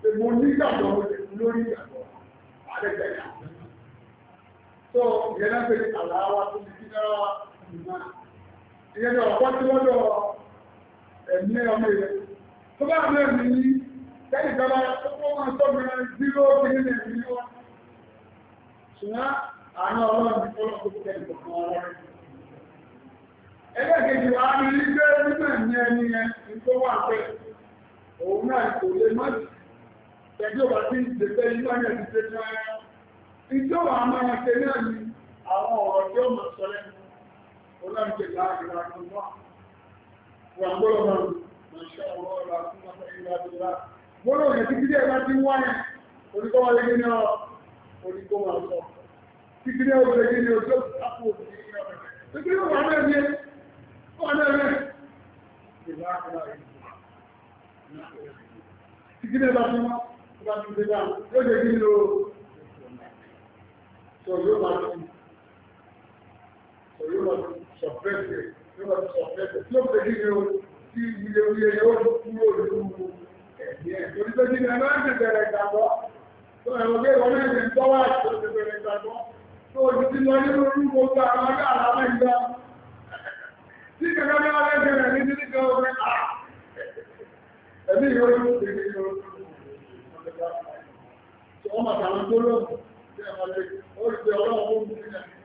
èmo nígbàgbọ́ lórí ìgbàgbọ́ àrẹ́gbẹ̀yà. Tó ìyẹn náà pé àlàáwá tó ti kí náà ìmọ̀. Ìyẹn ni ọ̀pọ̀ tí wọ́n lọ ẹ̀mí ọmọ ìrẹsì. tó bá ní ẹ̀mí yí tẹ́lẹ̀ kọ́lá tó kọ́ máa sọ́gbẹ̀rẹ̀ zero kìíní ní ẹ̀mí wá ṣùgbọ́n àánú ọlọ́run ní kọ́lọ́ tó tẹ́lẹ̀ kọ̀ọ̀kan ọlọ́run ẹlẹ́gẹ̀ẹ́jì wa ní ilé ẹni yẹn tó wà òun náà kò lè má ọba ń ṣe ìjọ wa máa ṣe náà àwọn ọ̀rọ̀ tí ó máa gbọ́dọ̀ máa wọ́n lọ́wọ́ yẹn títí díẹ̀ bá ti ń wá yẹn oníkọ́ wà lẹ́gbẹ́ ní ọ oníkọ́ wà sọ títí díẹ̀ ó lẹ́gbẹ́ ní ojú àpò òbí ní ọ̀rẹ́ títí díẹ̀ wà náà yẹn wà náà yẹn títí díẹ̀ bá ti wá bá ti gbé dáa yóò lè gbé lọ sọ yóò máa tún sọ yóò máa tún sọ fẹ́ẹ̀fẹ́ yóò máa tún sọ fẹ́ẹ̀fẹ́ tí ó lè gbé ní tí wuyewuye yóò kúrò lóru ẹ̀mí ẹ̀ torí pé kí ni ẹ máa ń bẹ̀rẹ̀ ìgbàgbọ́ tó ẹ̀rọ pé ìwọ náà ti ń tọ́wọ́ àti tó ti bẹ̀rẹ̀ ìgbàgbọ́ tó o ti ti lọ nínú orú gbogbo àwọn ọgá àlámà ìgbà tí kẹ̀kẹ́ bí wọ́n fẹ́ bẹ̀rẹ̀ ní títí kan ọ̀rẹ́ à ẹ̀mí yóò ló ti ní yóò tó wọ́n máa tàwọn tó lóhùn tí ẹ̀ máa lè ó ti di ọlọ́run ó ń bí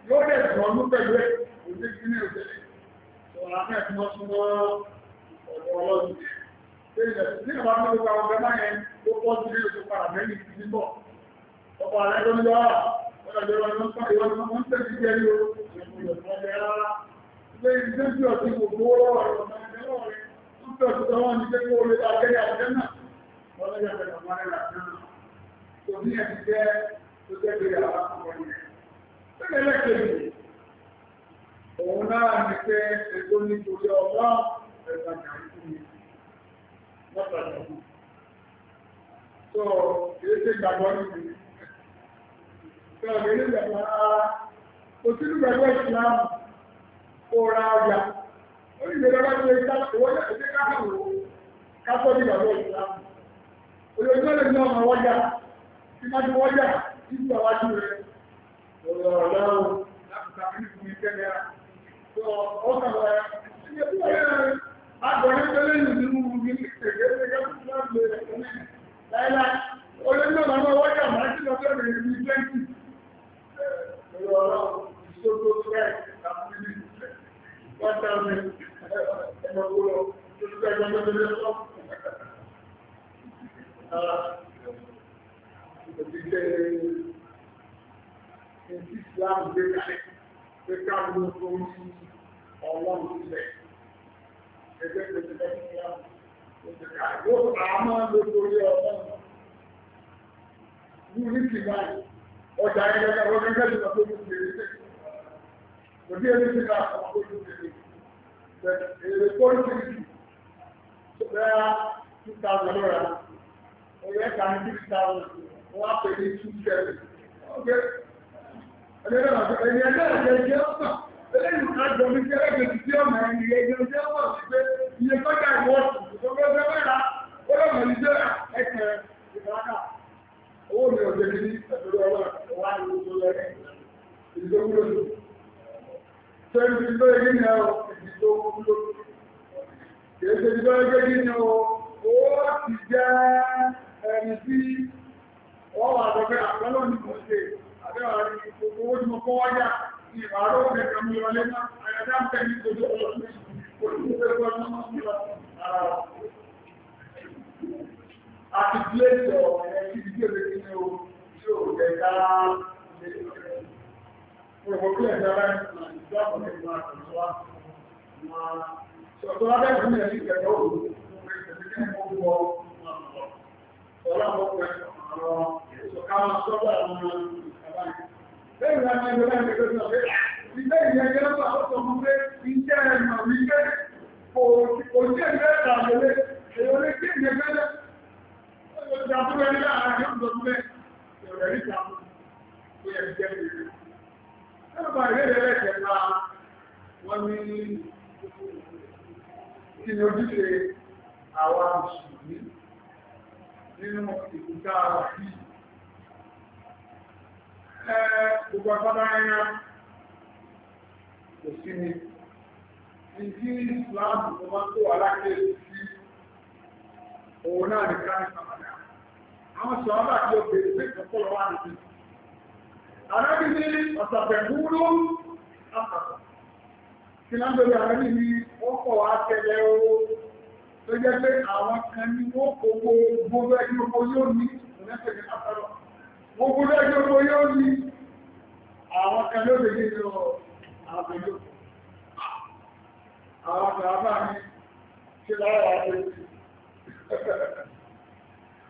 yóò dẹ̀ tọ̀ ọ́nú pẹ̀lú ẹ̀ òṣèlú ní òṣèlú ọ̀pọ̀ ọlọ́dún. Ní ìwà ní gbogbo àwọn ọ̀gá yẹn ló pọ̀ sí ilé ìlú padà mẹ́rin sí bọ̀. Ọ̀pọ̀ àlẹ́ tó ń lọ ọ̀nà ìjọba ni wọ́n pàdé wọn wọ́n tẹ̀ sí jẹ́rí o. Ilé ìdílé tí ọ̀sìn gbogbo ọ̀rọ̀ ọ̀nà ìjọba rẹ̀ ń fẹ́ òṣìṣẹ́ wọn ní pé kó o lè ta akẹ́yà ọ̀jẹ́ náà. Wọ́n lọ́jà pẹ̀lú àwọn ará ìrìn àjò náà. Kò ní ẹ̀ ti jẹ́ tó jẹ́ pé àwọn akọ̀wé yẹn. Bẹ́ẹ̀ lẹ́kẹ̀ẹ́ òun náà ní pé ètò nítorí ọgbọ́n So, kìí ṣe ìgbàgbọ́ nìkan. So, kìí ṣe ìgbàgbọ́ ara. Kò sínú ìgbàgbọ́ ìsìlámù kó ra ọjà. Ó ní ìgbàgbọ́ bá ṣe ìta ìwọ́n náà ṣe ká hàn wò kátó ní ìgbàgbọ́ ìsìlámù. Olùdókòwò lè ní ọmọ wọ́jà. Ìgbàgbọ́ wọ́jà ìgbà wájú rẹ̀. Ọ̀rọ̀ ọ̀lọ́run láti tàbí ìfún ìkẹ́lẹ́ Agbẹ̀rẹ̀ tẹ́lẹ̀ ìlú ní ìgbẹ̀rẹ̀ gẹ́gẹ́ tó ṣe àgbẹ̀ ẹ̀kọ́ ní láìláì. Olé náà máa wọ́jà máa ń tí lọ bẹ́ẹ̀ rẹ̀ ní 20. Ẹ̀rọ ọ̀rọ̀ ìṣòro tó rẹ̀ àti ní ìṣẹ́. Wọ́n dá mi ẹ̀mọ̀ gbọ́dọ̀ tó ti gbẹ́gbẹ́ mẹ́tẹ́lẹ́ sọ́. Ara ìgbẹ̀rẹ̀ jẹ́ ẹgbẹ́ pẹ̀lú lẹ́yìn ìyá yóò àmọ́ lóko rí ọmọ ní wíìkì náà ọjà ẹgbẹ́ ọgbẹ́ gẹ́gẹ́ bí wọ́n tó ń gbé ní kò dé ní ti náà wọ́n tó ń gbé ní èrè tó ń gbé ní tó bẹ́ẹ̀ two thousand lọ́ra ẹ̀yẹ kan six thousand wọ́n á pè ní two seven ọgbẹ́ ẹ̀yẹ náà ẹ̀yẹ eléyìí kan jọ ní kẹ́lẹ́ kejì tí ọmọ ẹni ẹgbẹ́ ọjọ́ wọ̀ sí pé iye kọjá ìwọ́sùn tó fẹ́ fẹ́ mẹ́ra ó lọ́mọ ní jẹ́ ah, ẹ̀kẹ́ ìbára owó mi ò débi ní ẹ̀dọ́rọ̀ ọlọ́run wà ní oṣù lẹ́yìn ìdókòwò lóṣù ṣé ibi tó yẹ ní ẹ̀rọ ìdókòwò lóṣù kìí ṣe ibi tó yẹ kí ni o ó ti jẹ́ ẹni tí wọ́n wà ah, lọ́gbẹ́ àgbọ́lọ́ ni mo ṣe àbẹ́wà ni gbogbo owó tí mo kọ́ wájà Àti ilé ìjọ ẹ̀kí ìgbèrè kí ni ó yóò rẹ̀ dáa lè rẹ̀. Òwòkú ẹ̀dá rẹ̀ ìjọ́pọ̀ ní ìgbà àtàlọ́wà. Ṣọ̀tọ́ abẹ́rẹ̀ fún ẹ̀lú ìgbẹ̀rẹ̀ òòrùn, òun ìgbẹ̀rẹ̀ kí ni ó wọ́ ọ̀rọ̀ àwọn ọ̀pọ̀ ẹ̀sọ̀ àwọn ìṣọ̀ká lẹ́yìn láti ẹgbẹ́ láti ẹgbẹ́ sọ pé ah, ilé ìyẹn ẹgbẹ́ lọ́pọ̀ àwọn ọmọ pé iṣẹ́ ẹ̀mọ̀ wípé kò sí ẹgbẹ́ ìtàgélé èyí olè sí ìyẹn ẹgbẹ́ lẹ́ ìjàpúrẹ́ ní àárín ọ̀dọ́ pé ìrọ̀lẹ́ ìjàpúrẹ́ tó yẹ jẹ́ ìrìn. Ẹgbẹ́ ìrẹ́lẹ́ lẹ́sẹ̀ ńlá wọ́n ní kí ni ojúṣe àwa mùsùlùmí nínú ìkúta àwọn yìí gbogbo àpáta ẹ̀yà kò sí ni ìdí ìsìláàmù tó máa tó aláàkẹ́ sí òun náà ní ká ní sàmàdà àwọn sọ̀rọ̀ àti obìnrin pé kọ́kọ́ lọ wà níbi arábìnrin ọ̀sàpẹ̀gbúrú àpapọ̀ kí náà lórí arábìnrin ó kọ̀ wá tẹ̀lé o tó jẹ́ pé àwọn kan ní wọ́n kó gbogbo ẹgbẹ́ yóò ní ìrẹsẹ̀ ní pátálọ̀ gbogbo lẹ́jọ́ tó yóò ní àwọn kan ló lè nínú àbẹ̀lò àwọn àbá ní ṣe lára àbẹ̀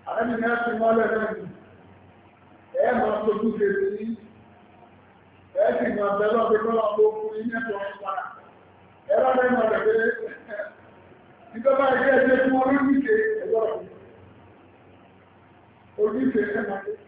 àbẹ̀lò ní ẹ̀sùn mọ́lẹ̀ lẹ́nu ẹ̀ máa tójú kèrè ní ẹ̀sìn máa bẹ̀rọ̀ pé kọ́lá ọgbọ́n ní ẹ̀sùn ọ̀pá ẹ̀rọ mẹ́rin máa rẹ̀ pé ìjọba ẹgbẹ́ ẹgbẹ́ tí wọ́n rí níṣe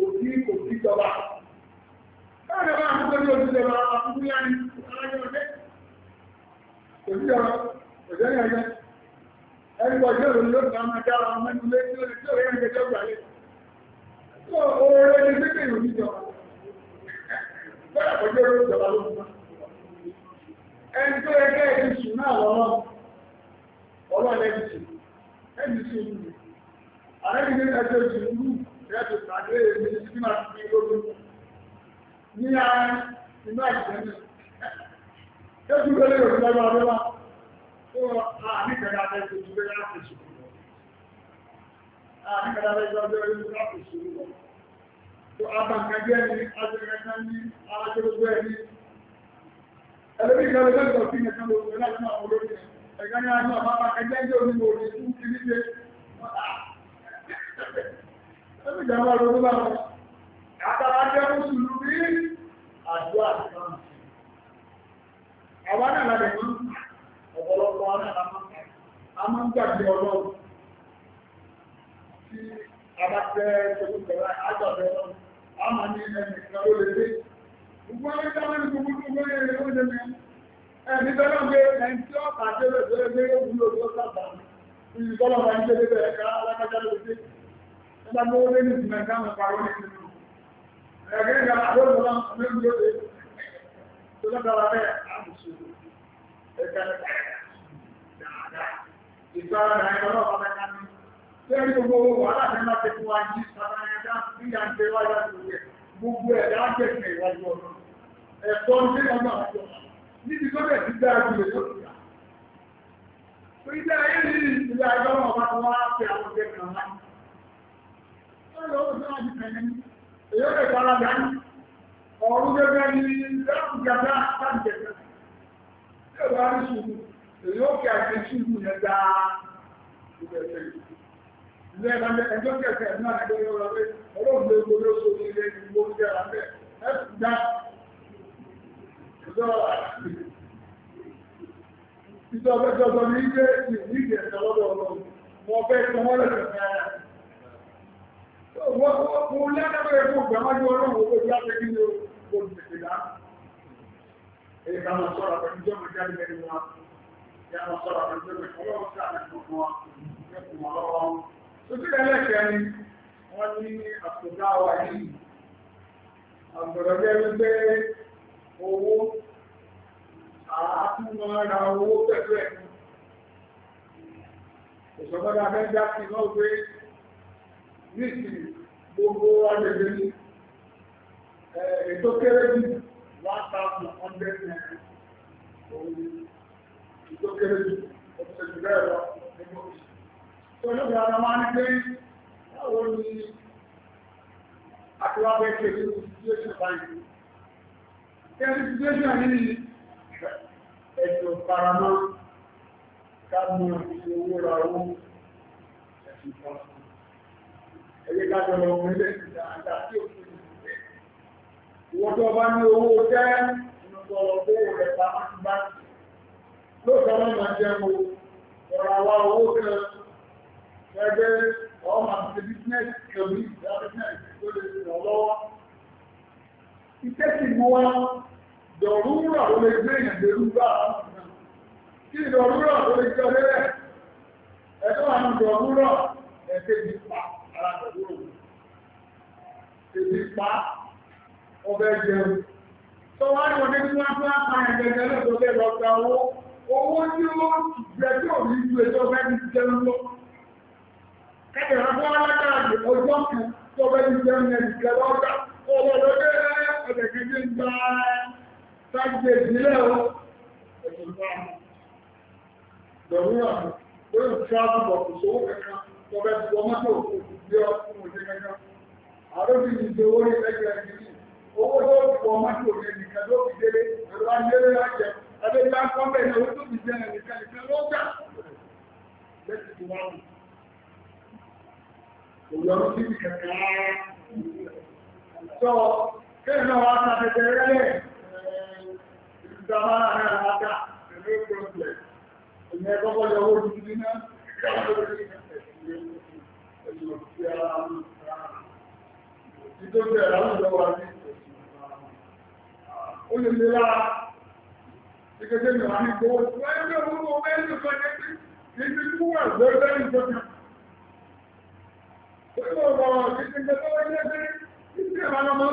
kò sí kò sí jọba. Báyọ̀ bá àkókò ní oṣù jọba àkókò yá ni alájọ́ ọ̀dẹ́. Kò sí jọba ọ̀dẹ́ ní ọjọ́. Ẹgbẹ́ ọjọ́ òun ló gbà máa dára ọmọ inú lé tí ó lè tí ó rí ẹgbẹ́ tó gbà lé. Tó oore ni pípé ìròyìn ìjọba. Báyọ̀ ọjọ́ òun jọba ló fún wa. Ẹni tó ẹgbẹ́ ẹni sùn náà lọ́wọ́. Ọlọ́ọ̀lẹ́ni sùn. Ẹni sùn. Àrẹ́bìnrin ẹgbẹ́ sùn ẹ̀ẹ́dù pàdé èmi tí máa fi lórí ní àárín inú àìsẹ́nì. Ṣéjú lórí òun lọ́wọ́ abẹ́wà tó àmì kẹta bẹ́ẹ̀ tó ti bẹ́ẹ̀ láti ṣùgbọ́n lọ. Àmì kẹta bẹ́ẹ̀ tó bẹ́ẹ̀ láti ṣùgbọ́n lọ. Tó abàǹkẹ́gbẹ́ ni, ajẹ́gbẹ́ ni, ajẹ́gbẹ́ ni. Ẹlẹ́bí ìgbàlẹ́ bẹ́ẹ̀ tó fi nìkan lórí láti máa wọlé ní ẹ̀gbẹ́ ni a ní àbá ẹgbẹ́ ìjàmbá ronú bá wọn àtàrà jẹ́ mùsùlùmí àdúrà kan àwọn náà lè mú ọ̀pọ̀lọpọ̀ náà a máa ń gbàgbé ọlọ́run tí a bá fẹ́ tóbi pẹ̀lú àgbàgbé ọlọ́run a máa ní ẹnìkan ló lè dé gbogbo ẹni tí a máa ń gbogbo gbogbo ẹni ló lè dé ẹni tó náà gbé ẹni na mole ni tunakama parole kitu nagenda na roho la mungu yote tunataka wale amsu ekana da da ikawa na roho kama kama sio ngumu wala sema kwa jinsi kama ya bila ndewa ya kuwe Gbogbo ẹ̀dá àgbẹ̀sẹ̀ ìwájú ọ̀nà. Ẹ̀tọ́ ní ọmọ àjọ. Níbi tó bẹ̀ ti dáa jù lè lọ́kùnrin. Torí bẹ́ẹ̀ yé ní ìlú ayé ọmọ ọba tó wá pé àwọn ọjọ́ kan láti. Èyọ́ lè fara dání, ọ̀rún gẹ́gẹ́ ní ìdáhùn gàdá láti gẹ̀gẹ́. Tí ó bá rí ṣùgbù, èyí ó kẹ́ àti ṣùgbù yẹn dáa ìgbẹ̀sẹ̀. Ilé ẹjọ́ kẹ̀kẹ́ náà ẹgbẹ́ yóò rọ̀ pé ọlọ́gbẹ́ gbogbo sórí ilé ìgbó jẹ́ àbẹ́. Ẹ ti dá. Ìjọba ìjọba ní ilé ìdíje ìtọ́lọ́dọ̀ ọlọ́run. Mo fẹ́ sọ wọ́n lẹ́sẹ̀ fẹ́ Mo lẹ́gbẹ̀rẹ̀ fún ìgbàmájú ọlọ́run owó ìyá fẹ́ kí ní ogun ìpìlá. Èyí ká máa sọ́ra pẹ̀lú jọ́mọ̀ jáde lẹ́nu wa. Ìyá máa sọ́ra pẹ̀lú jọ́mọ̀ ọlọ́run sáà ní ọmọ wa. Ẹkùn ọlọ́wọ́. Sojú ẹlẹ́kẹ̀ẹ́ ni wọ́n ní àkùdá wa yìí. Àgbọ̀dọ̀ jẹ́ wípé owó àátúmọ̀ ra owó pẹ̀lú ẹ̀kún. Ìṣọ̀gbọ́dọ̀ abẹ́ já sí lọ́wọ́ pé ní ìsìn gbogbo agbègbè ní ètò kéré jù one thousand hundred naira òun ètò kéré jù ọ̀sẹ̀ jù bẹ́ẹ̀ lọ nígbà òsì. tó nígbà ara máa ń gbé báwo ni àtiwábẹ́ ṣe ní situation báyìí. kẹ́rin situation yìí ẹ̀sùn paramọ́ ká mú ìṣòwò ra owó ẹ̀sùn kan ẹgbẹ́ kájọ lọ wọn lé dáadáa tí ó fi ní ìfẹ́. Ìwọ́n tó bá ní owó jẹ́ inú tó lọ bó rẹ̀ bá máa ń bá. Lóòótọ́ wọn máa jẹ́ mo ọ̀rọ̀ àwa owó kan ẹgbẹ́ ọmọ àti bísínẹ́sì kan bí ìdá bísínẹ́sì tó lè ràn lọ́wọ́. Iṣẹ́ sì mú wa dọ̀rúrà ló lè gbé èèyàn lérú bá àwọn kí dọ̀rúrà ló lè jọ lélẹ̀. Ẹ̀tọ́ àwọn ara pẹ̀lú òun. Èdè pa ọbẹ̀ jẹun. Tọ́wọ́ ní ọdún tí wọ́n tún á pa ẹ̀gẹ̀gẹ̀ lọ́dọ̀ lè lọ gba owó. Owó tí ó jẹ tí ò ní ju ètò ọbẹ̀ ti jẹun lọ. Kẹ́kẹ̀ rẹ̀ fún alágbára jù ọjọ́ kan tí ọbẹ̀ ti jẹun yẹn nìkan lọ́gbà. Owó lọ́dọ̀ ẹ̀ẹ́dẹ̀gẹ̀ ti gba sáàjì ìdílé o. Lọ́rùn àwọn olùtúwàbù bọ̀ kò sówó kankan, ọbẹ̀ ti wọ́n mọ́tò òkú bí ọkùnrin òṣè kankan àdókì ní ti owó ní ẹgbẹ́ ẹgbẹ́ ní owó tó pọ̀ mọ́tò ní nìkan ló fi délé ẹ̀rọ ajẹ́lé lájẹ ẹgbẹ́ bá ń pọ́nbẹ̀ ní owó tó fi jẹ́ nìkan nìkan ló gbà lẹ́sìn tó wà ní. Òwúrọ̀ ló ti kẹ̀kẹ́ rárá. Sọ kéèyàn náà wá sa tẹ̀tẹ̀ rẹ́lẹ̀ ìdàmà rẹ̀ àdá pẹ̀lú ìpínlẹ̀. Ìyẹn kọ́kọ́ yọ owó tuntun ní náà ìtọ́jú ẹ̀rọ àwùjọ wa ní ó lè lè lára ìgbẹ́gbẹ́ mi wà ní gbogbo wáyé bí ọmọ ọmọ ẹni ìfẹ́ ní ibi tí wọ́n ẹ̀gbẹ́ ẹgbẹ́ ìjọba Ìgbẹ́ ọmọ ìgbẹ́ tó wáyé lẹ́gbẹ́ ìgbẹ́ ìrànlọ́ máa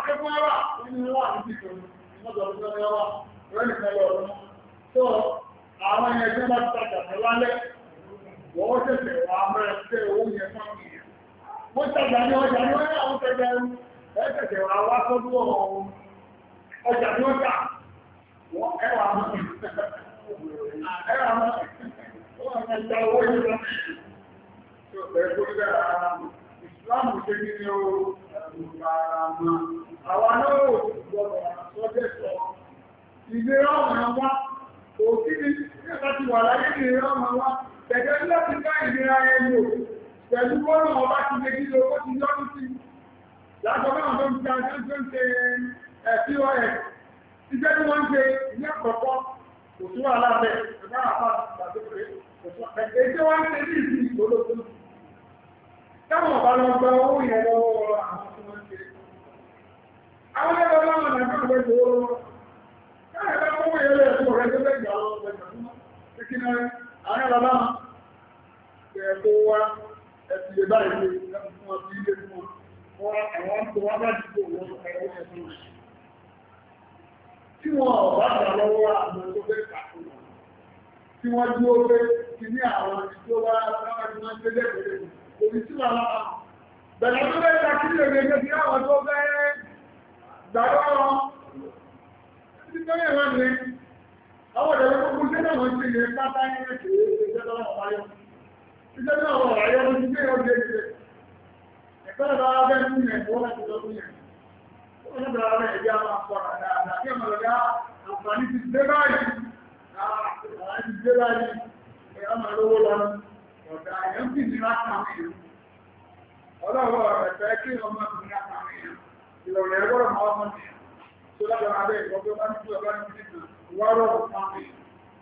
Ọlọ́wọ́ ọ̀rẹ̀ fẹ́ kí ọmọ ìrìn àpàmì ìlọ̀rẹ̀ ẹgbọ́rọ̀ mọ́ ọmọ ìrìn tó lábẹ̀ abẹ́ ìgbọ́gbọ́ bá ní tí ọba ní títà wárọ̀ ọ̀pàmì ìrìn.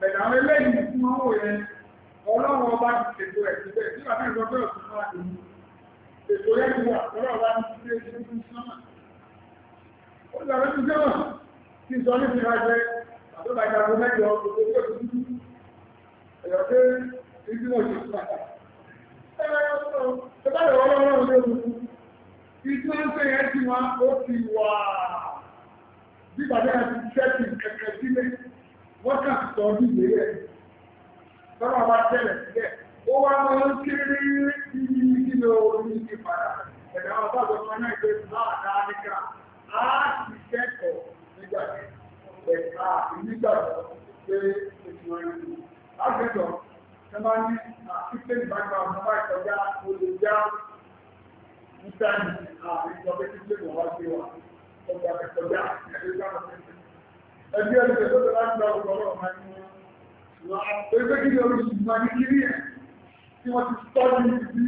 Bẹ̀rẹ̀ àwọn eléyìí tí wọ́n wò yẹn, ọlọ́run ọba ti ṣètò ẹ̀ síbẹ̀ tí bàbá ìjọ bẹ́ẹ̀ tó máa dùn. Ètò yẹn ti wà ọlọ́run ọba ti ṣe é ṣe fún sánmà. Ó lọ rẹ́ ti dé wọ̀n kí n sọ ní ti rajẹ àti bàbá ìjọ mẹ́jọ gbogbo tó ti dúdú. Ẹ̀yọ̀ pé ibi wọn ti fún àtà. Ẹ bá yọ̀ ọlọ́run lóru. Ìtú ń sẹ́yìn ẹ̀ ti wá ó ti wà bí bàbá ìjọ ti ṣẹ́ wọ́n kà sọ nílé rẹ̀ lọ́wọ́ bá tẹ̀lẹ̀ sílẹ̀ ó wá máa ń kéré sí ilé orí ti padà ẹ̀dá ọba àgbọ̀nmọ́ náà ìgbé láàdá níkà á sì kẹ́kọ̀ọ́ nígbà ẹ̀ka nígbàgbọ́ pé ètò ẹ̀rù àgbẹ̀dọ̀ ṣe máa ní àtúnṣe ìgbàgbọ́ àwọn ìtọ́já olùjá nígbà tí àìsọ pé títí wá sí wa ọgbà ìtọ́já ẹ̀rọ ẹgbẹ́ ẹgbẹ́ tó tẹ́ láti gba ọ̀pọ̀lọpọ̀ máa ní wọn. Ẹgbẹ́ kí ni oríṣi máa ní kiri ẹ̀ tí wọ́n ti tọ́jú bí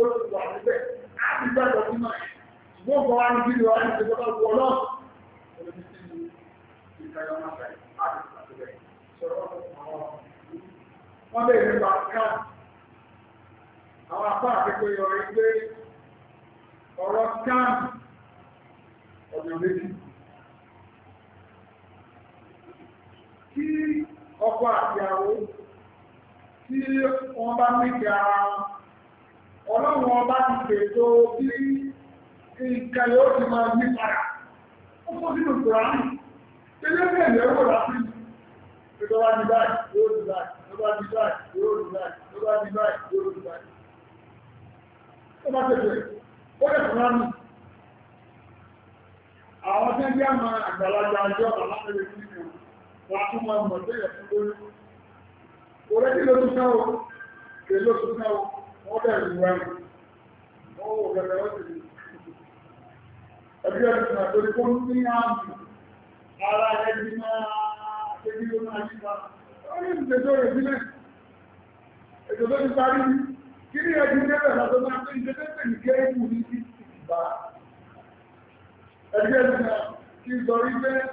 ó ti wà níbẹ̀ láti gbàgbọ́ sí náà. Ṣùgbọ́n kan wá ní kí ni wọ́n á ti tẹ́tọ́ wọ náà. Wọ́n bẹ̀rẹ̀ nípa káà. Àwọn apá àkẹ́kọ̀ọ́ yọrí pé ọ̀rọ̀ káà ọ̀dọ̀ méjì. kí ọkọ àti àwọn tí wọ́n bá nífẹ̀ẹ́ ọlọ́run ọba ti ṣètò bí nǹkan yóò ti máa ní padà ó fún sínú kùránì eléyìí ẹ̀yẹ́ wò láti ìjọba ní báyìí yóò báyìí ìjọba ní báyìí yóò báyìí ìjọba ní báyìí yóò báyìí. ó bá tẹ̀lé ó lè fún wọ́n tún máa mọ̀ bẹ́ẹ̀ fún lórí. Òrẹ́ kí ló tún náà kè ló tún náà wọ́n bẹ̀rẹ̀ ìwà rẹ̀. Wọ́n wò rẹ̀ lọ́wọ́ sí i. Ẹbí ẹ̀sìn náà torí kó ní àmì ara ẹni máa ṣe bí ó máa yí wa. Wọ́n ní ìdèjọ́ rẹ̀ sílẹ̀. Ètò tó ti Kí ni ẹbí débẹ̀ lọ́dọ̀ máa ń pè ní ní kéré kù ní ìgbà? Ẹbí ẹ̀sìn náà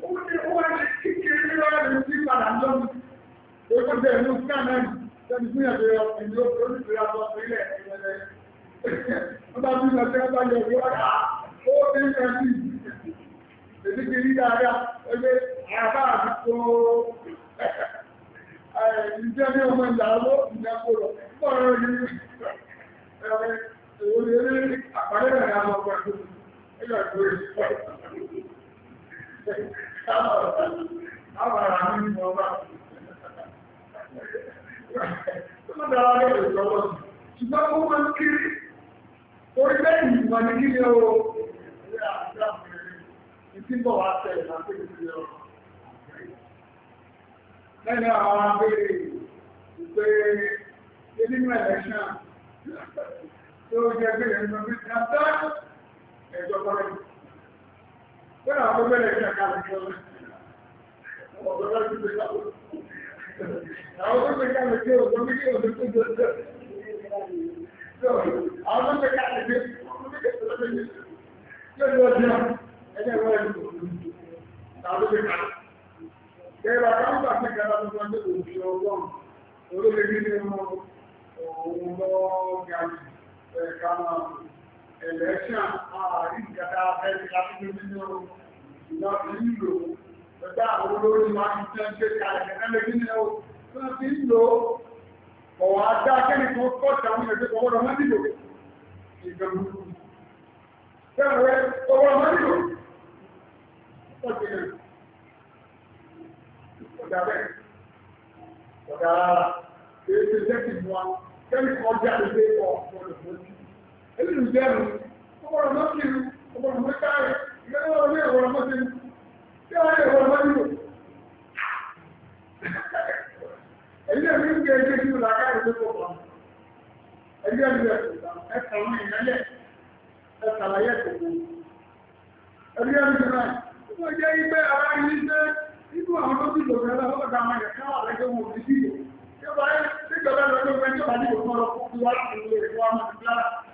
ó ní wọ́n ní kékeré wọ́n ní sí padà lọ́nà èkó jẹ́ ìlú scanner tẹ́lifí fún ẹ̀dẹ̀ ẹ̀yìn olùdíje àtọ́ sílẹ̀ ìrẹ̀lẹ̀ wọ́n bá bí lọ sí ọba yẹ̀ wí wọ́n Ṣùgbọ́n ó máa ń kiri, orí lẹ́yìn ìwà ní kí ni ó ìtìbọ̀ wá tẹ̀ láti ìpínlẹ̀ ọ̀rọ̀. Lẹ́nu àwọn abẹ́rẹ́ ìpé nínú ẹ̀lẹ́ṣàn tí ó jẹ́ bí ẹ̀mọ́ bí i Bẹ́ẹ̀ àwọn ọmọ ẹgbẹ́ ẹ̀ka àlùkò ọ̀rẹ́. Ọ̀pọ̀ ọ̀rẹ́ ti gbé káwọ́. Àwọn ọmọ ẹgbẹ́ ẹ̀ka àlùkò ọ̀rẹ́ mi kí ọ̀dọ́ tó jọ jọ. Àwọn ọmọ ẹgbẹ́ ẹ̀ka àlùkò ọ̀rẹ́ mi kí ọ̀dọ́ tó jọ ẹgbẹ́ ẹ̀rọ ẹ̀dùn. Àwọn ọmọ ẹgbẹ́ Ẹ̀rọ àkáńtà ti kára tó sọ pé òṣìṣẹ́ ọlọ́run, olóògbé nínú ọ̀hún lọ́ọ́ gàlù ẹ̀ka máa ẹ̀lẹ́ṣàn ààrí ìjọba ẹni láti nínú ìlọ́ ìlú ẹgbẹ́ àwọn olórí máa ń tẹ́ ń gbé kalẹ̀ ẹgbẹ́ nínú ẹ̀wọ̀ tó ti ń lo ọ̀wọ́ ajá kẹ́ni kan kọ́ta àwọn ẹgbẹ́ ọwọ́rọ̀ mẹ́dìlò ìgbẹ̀mú Bẹ́ẹ̀rẹ̀ ọwọ́rọ̀ mẹ́dìlò ọjà bẹ́ẹ̀ ọjà rárá kí é ṣe jẹ́ kí mú wa kẹ́ni kan jáde lé ọ̀ èyí ló jẹ́ mi ọgbọ̀rọ̀ mọ́ kiri ọgbọ̀rọ̀ mọ́ káàrẹ̀ ìgbẹ́lẹ́ wọn ní ọgbọ̀rọ̀ mọ́ kiri tí wọ́n ní ọgbọ̀rọ̀ mọ́ nílò èyí lè ní kí ẹgbẹ́ kí ọ̀la káàrẹ̀ tó kọ̀ wọn ẹgbẹ́ mi rẹ̀ ẹ̀ka wọn ìyálẹ̀ ẹ̀ka láyẹ̀ tó kọ̀ ẹgbẹ́ mi rẹ̀ ó jẹ́ ibẹ̀ ara yìí jẹ́ nínú àwọn tó ti dòkè lọ lọ́dọ̀ àwọn ẹ̀ka wà lẹ́jọ́ wọn ò ní sí ìjọba ẹgbẹ́ lọ́dọ̀ ẹgbẹ́ tó bá ní ìwọ̀n lọ fún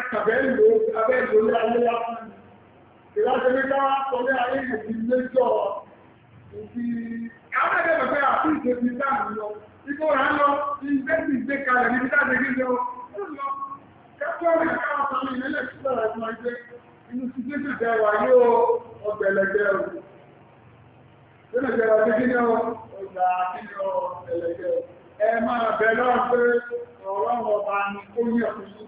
ẹ̀kàbẹ́ lò abẹ́ lò ní ayé lásán ni ìlàjẹ́ ní ká sọ ní ayé ìdí méjọ ìdí àwọn ẹgbẹ́ bẹ̀rẹ̀ àti ìdèbí náà ń lọ ikú rà ń lọ ìgbẹ́ ti gbé kalẹ̀ níbi táde kí lọ ó lọ kẹ́kọ̀ọ́ rẹ̀ ká ọ̀sán ní ìrẹ́lẹ̀ sí ọ̀rọ̀ ẹ̀sùn ẹgbẹ́ o nínú ìjọba ti kí ni ọ ọjà kí ni ọ ẹ̀lẹ̀gbẹ̀ ẹ máa bẹ̀ lọ́wọ́ pé ọ̀rọ̀ ọba ni ó yẹ fún yìí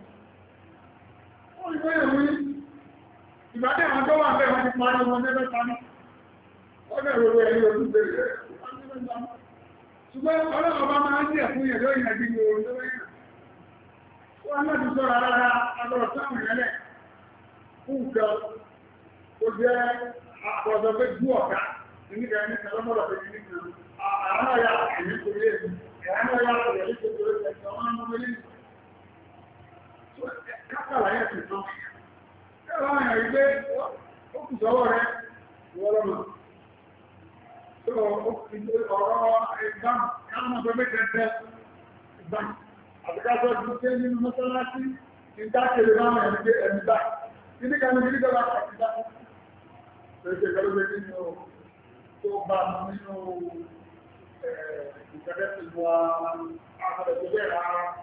Ìgbàdé àwọn tó wà bẹ́ẹ̀ wọ́n ti parí wọn lẹ́gbẹ́ parí. Ọjọ́ ìrọ̀lẹ́ ẹ̀yọ́ tó bẹ̀rẹ̀ ṣùgbọ́n ọlọ́wọ́ bá máa ń jẹ́ fún ìyẹ̀lẹ́ ìyẹ̀bí ní orí lórí ìrìn. Wọ́n náà ti sọ́ra rárá agbọ̀rọ̀ sáàmù ìrẹ́lẹ̀ fún ìjọ tó jẹ́ àpọ̀jọ pé jú ọ̀gá nígbà ẹni tẹ́lọ́mọ́lọ̀ pé ní ìrìn. Àwọn ọ̀yà ẹ̀mí kò lè ẹ̀mí ọ̀yà kò lè kátàlá yẹn ti tán ẹ̀rọ àyàn yìí pé ó kù sọ́wọ́ rẹ wọ́n lọ́mọ tó ó fi ọ̀rọ̀ exam káwọn ọ̀dọ́ méje ń tẹ́ exam àtìkásọ́ ti ṣe nínú mọ́sálásí ìdákèrè láwọn ẹ̀mí pé ẹ̀mí bá kíní kan níbi nígbà láti àti bá ṣe ìgbàlú pé nínú tó bá nínú ìgbàlẹ́sìn wa àwọn ẹ̀dọ́gbẹ̀rẹ̀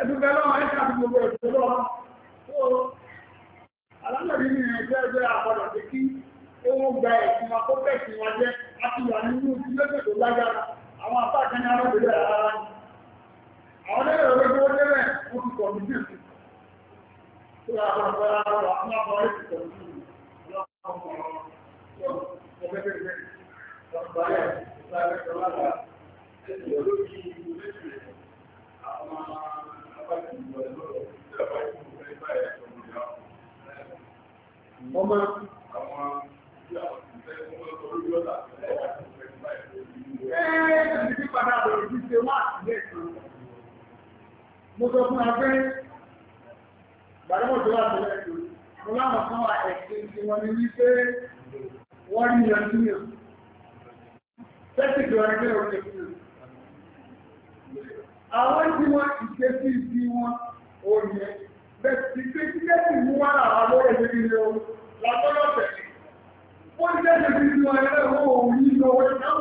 ẹ̀sùn bẹ́ẹ̀ lọ́wọ́ ẹ̀ṣẹ́ àti gbogbo ẹ̀sùn lọ́wọ́ tó alámọ̀dé ní ẹgbẹ́ ẹgbẹ́ àpọ̀lọ̀ pé kí owó gba ẹ̀sùn akọ́kẹ́sì wọn jẹ́ àti wà nínú ìdílé tó lágbára àwọn apá àkẹ́ni arábìnrin ara ni àwọn lẹ́yìn ọ̀rẹ́ tó lẹ́rẹ̀ ó ti kọ̀ níbi ìsìn tó yà àwọn ọ̀rẹ́ àwọn àwọn àwọn ẹ̀sì kọ̀ níbi ìsìn Àwọn Ọmọ Mo sọ fún afẹ́ gbàdúgbò tó wà tẹ́lẹ̀ tó. Mo láwọn kan wà ẹ̀sìn tí wọ́n ní wípé wọ́n rí yanjú yàn. Tẹ́sí ìjọba ẹgbẹ́ òkè fún mi àwọn tí wọ́n ìṣe sí ibi wọn òye bẹ́ẹ̀ ìṣe sí lẹ́sìn mú wá àwọn lórí ẹgbẹ́ ilé o lágbọ́dọ̀ tẹ̀lé wọ́n jẹ́ ìṣe sí wọn ẹgbẹ́ owó òun yìí lọ́wọ́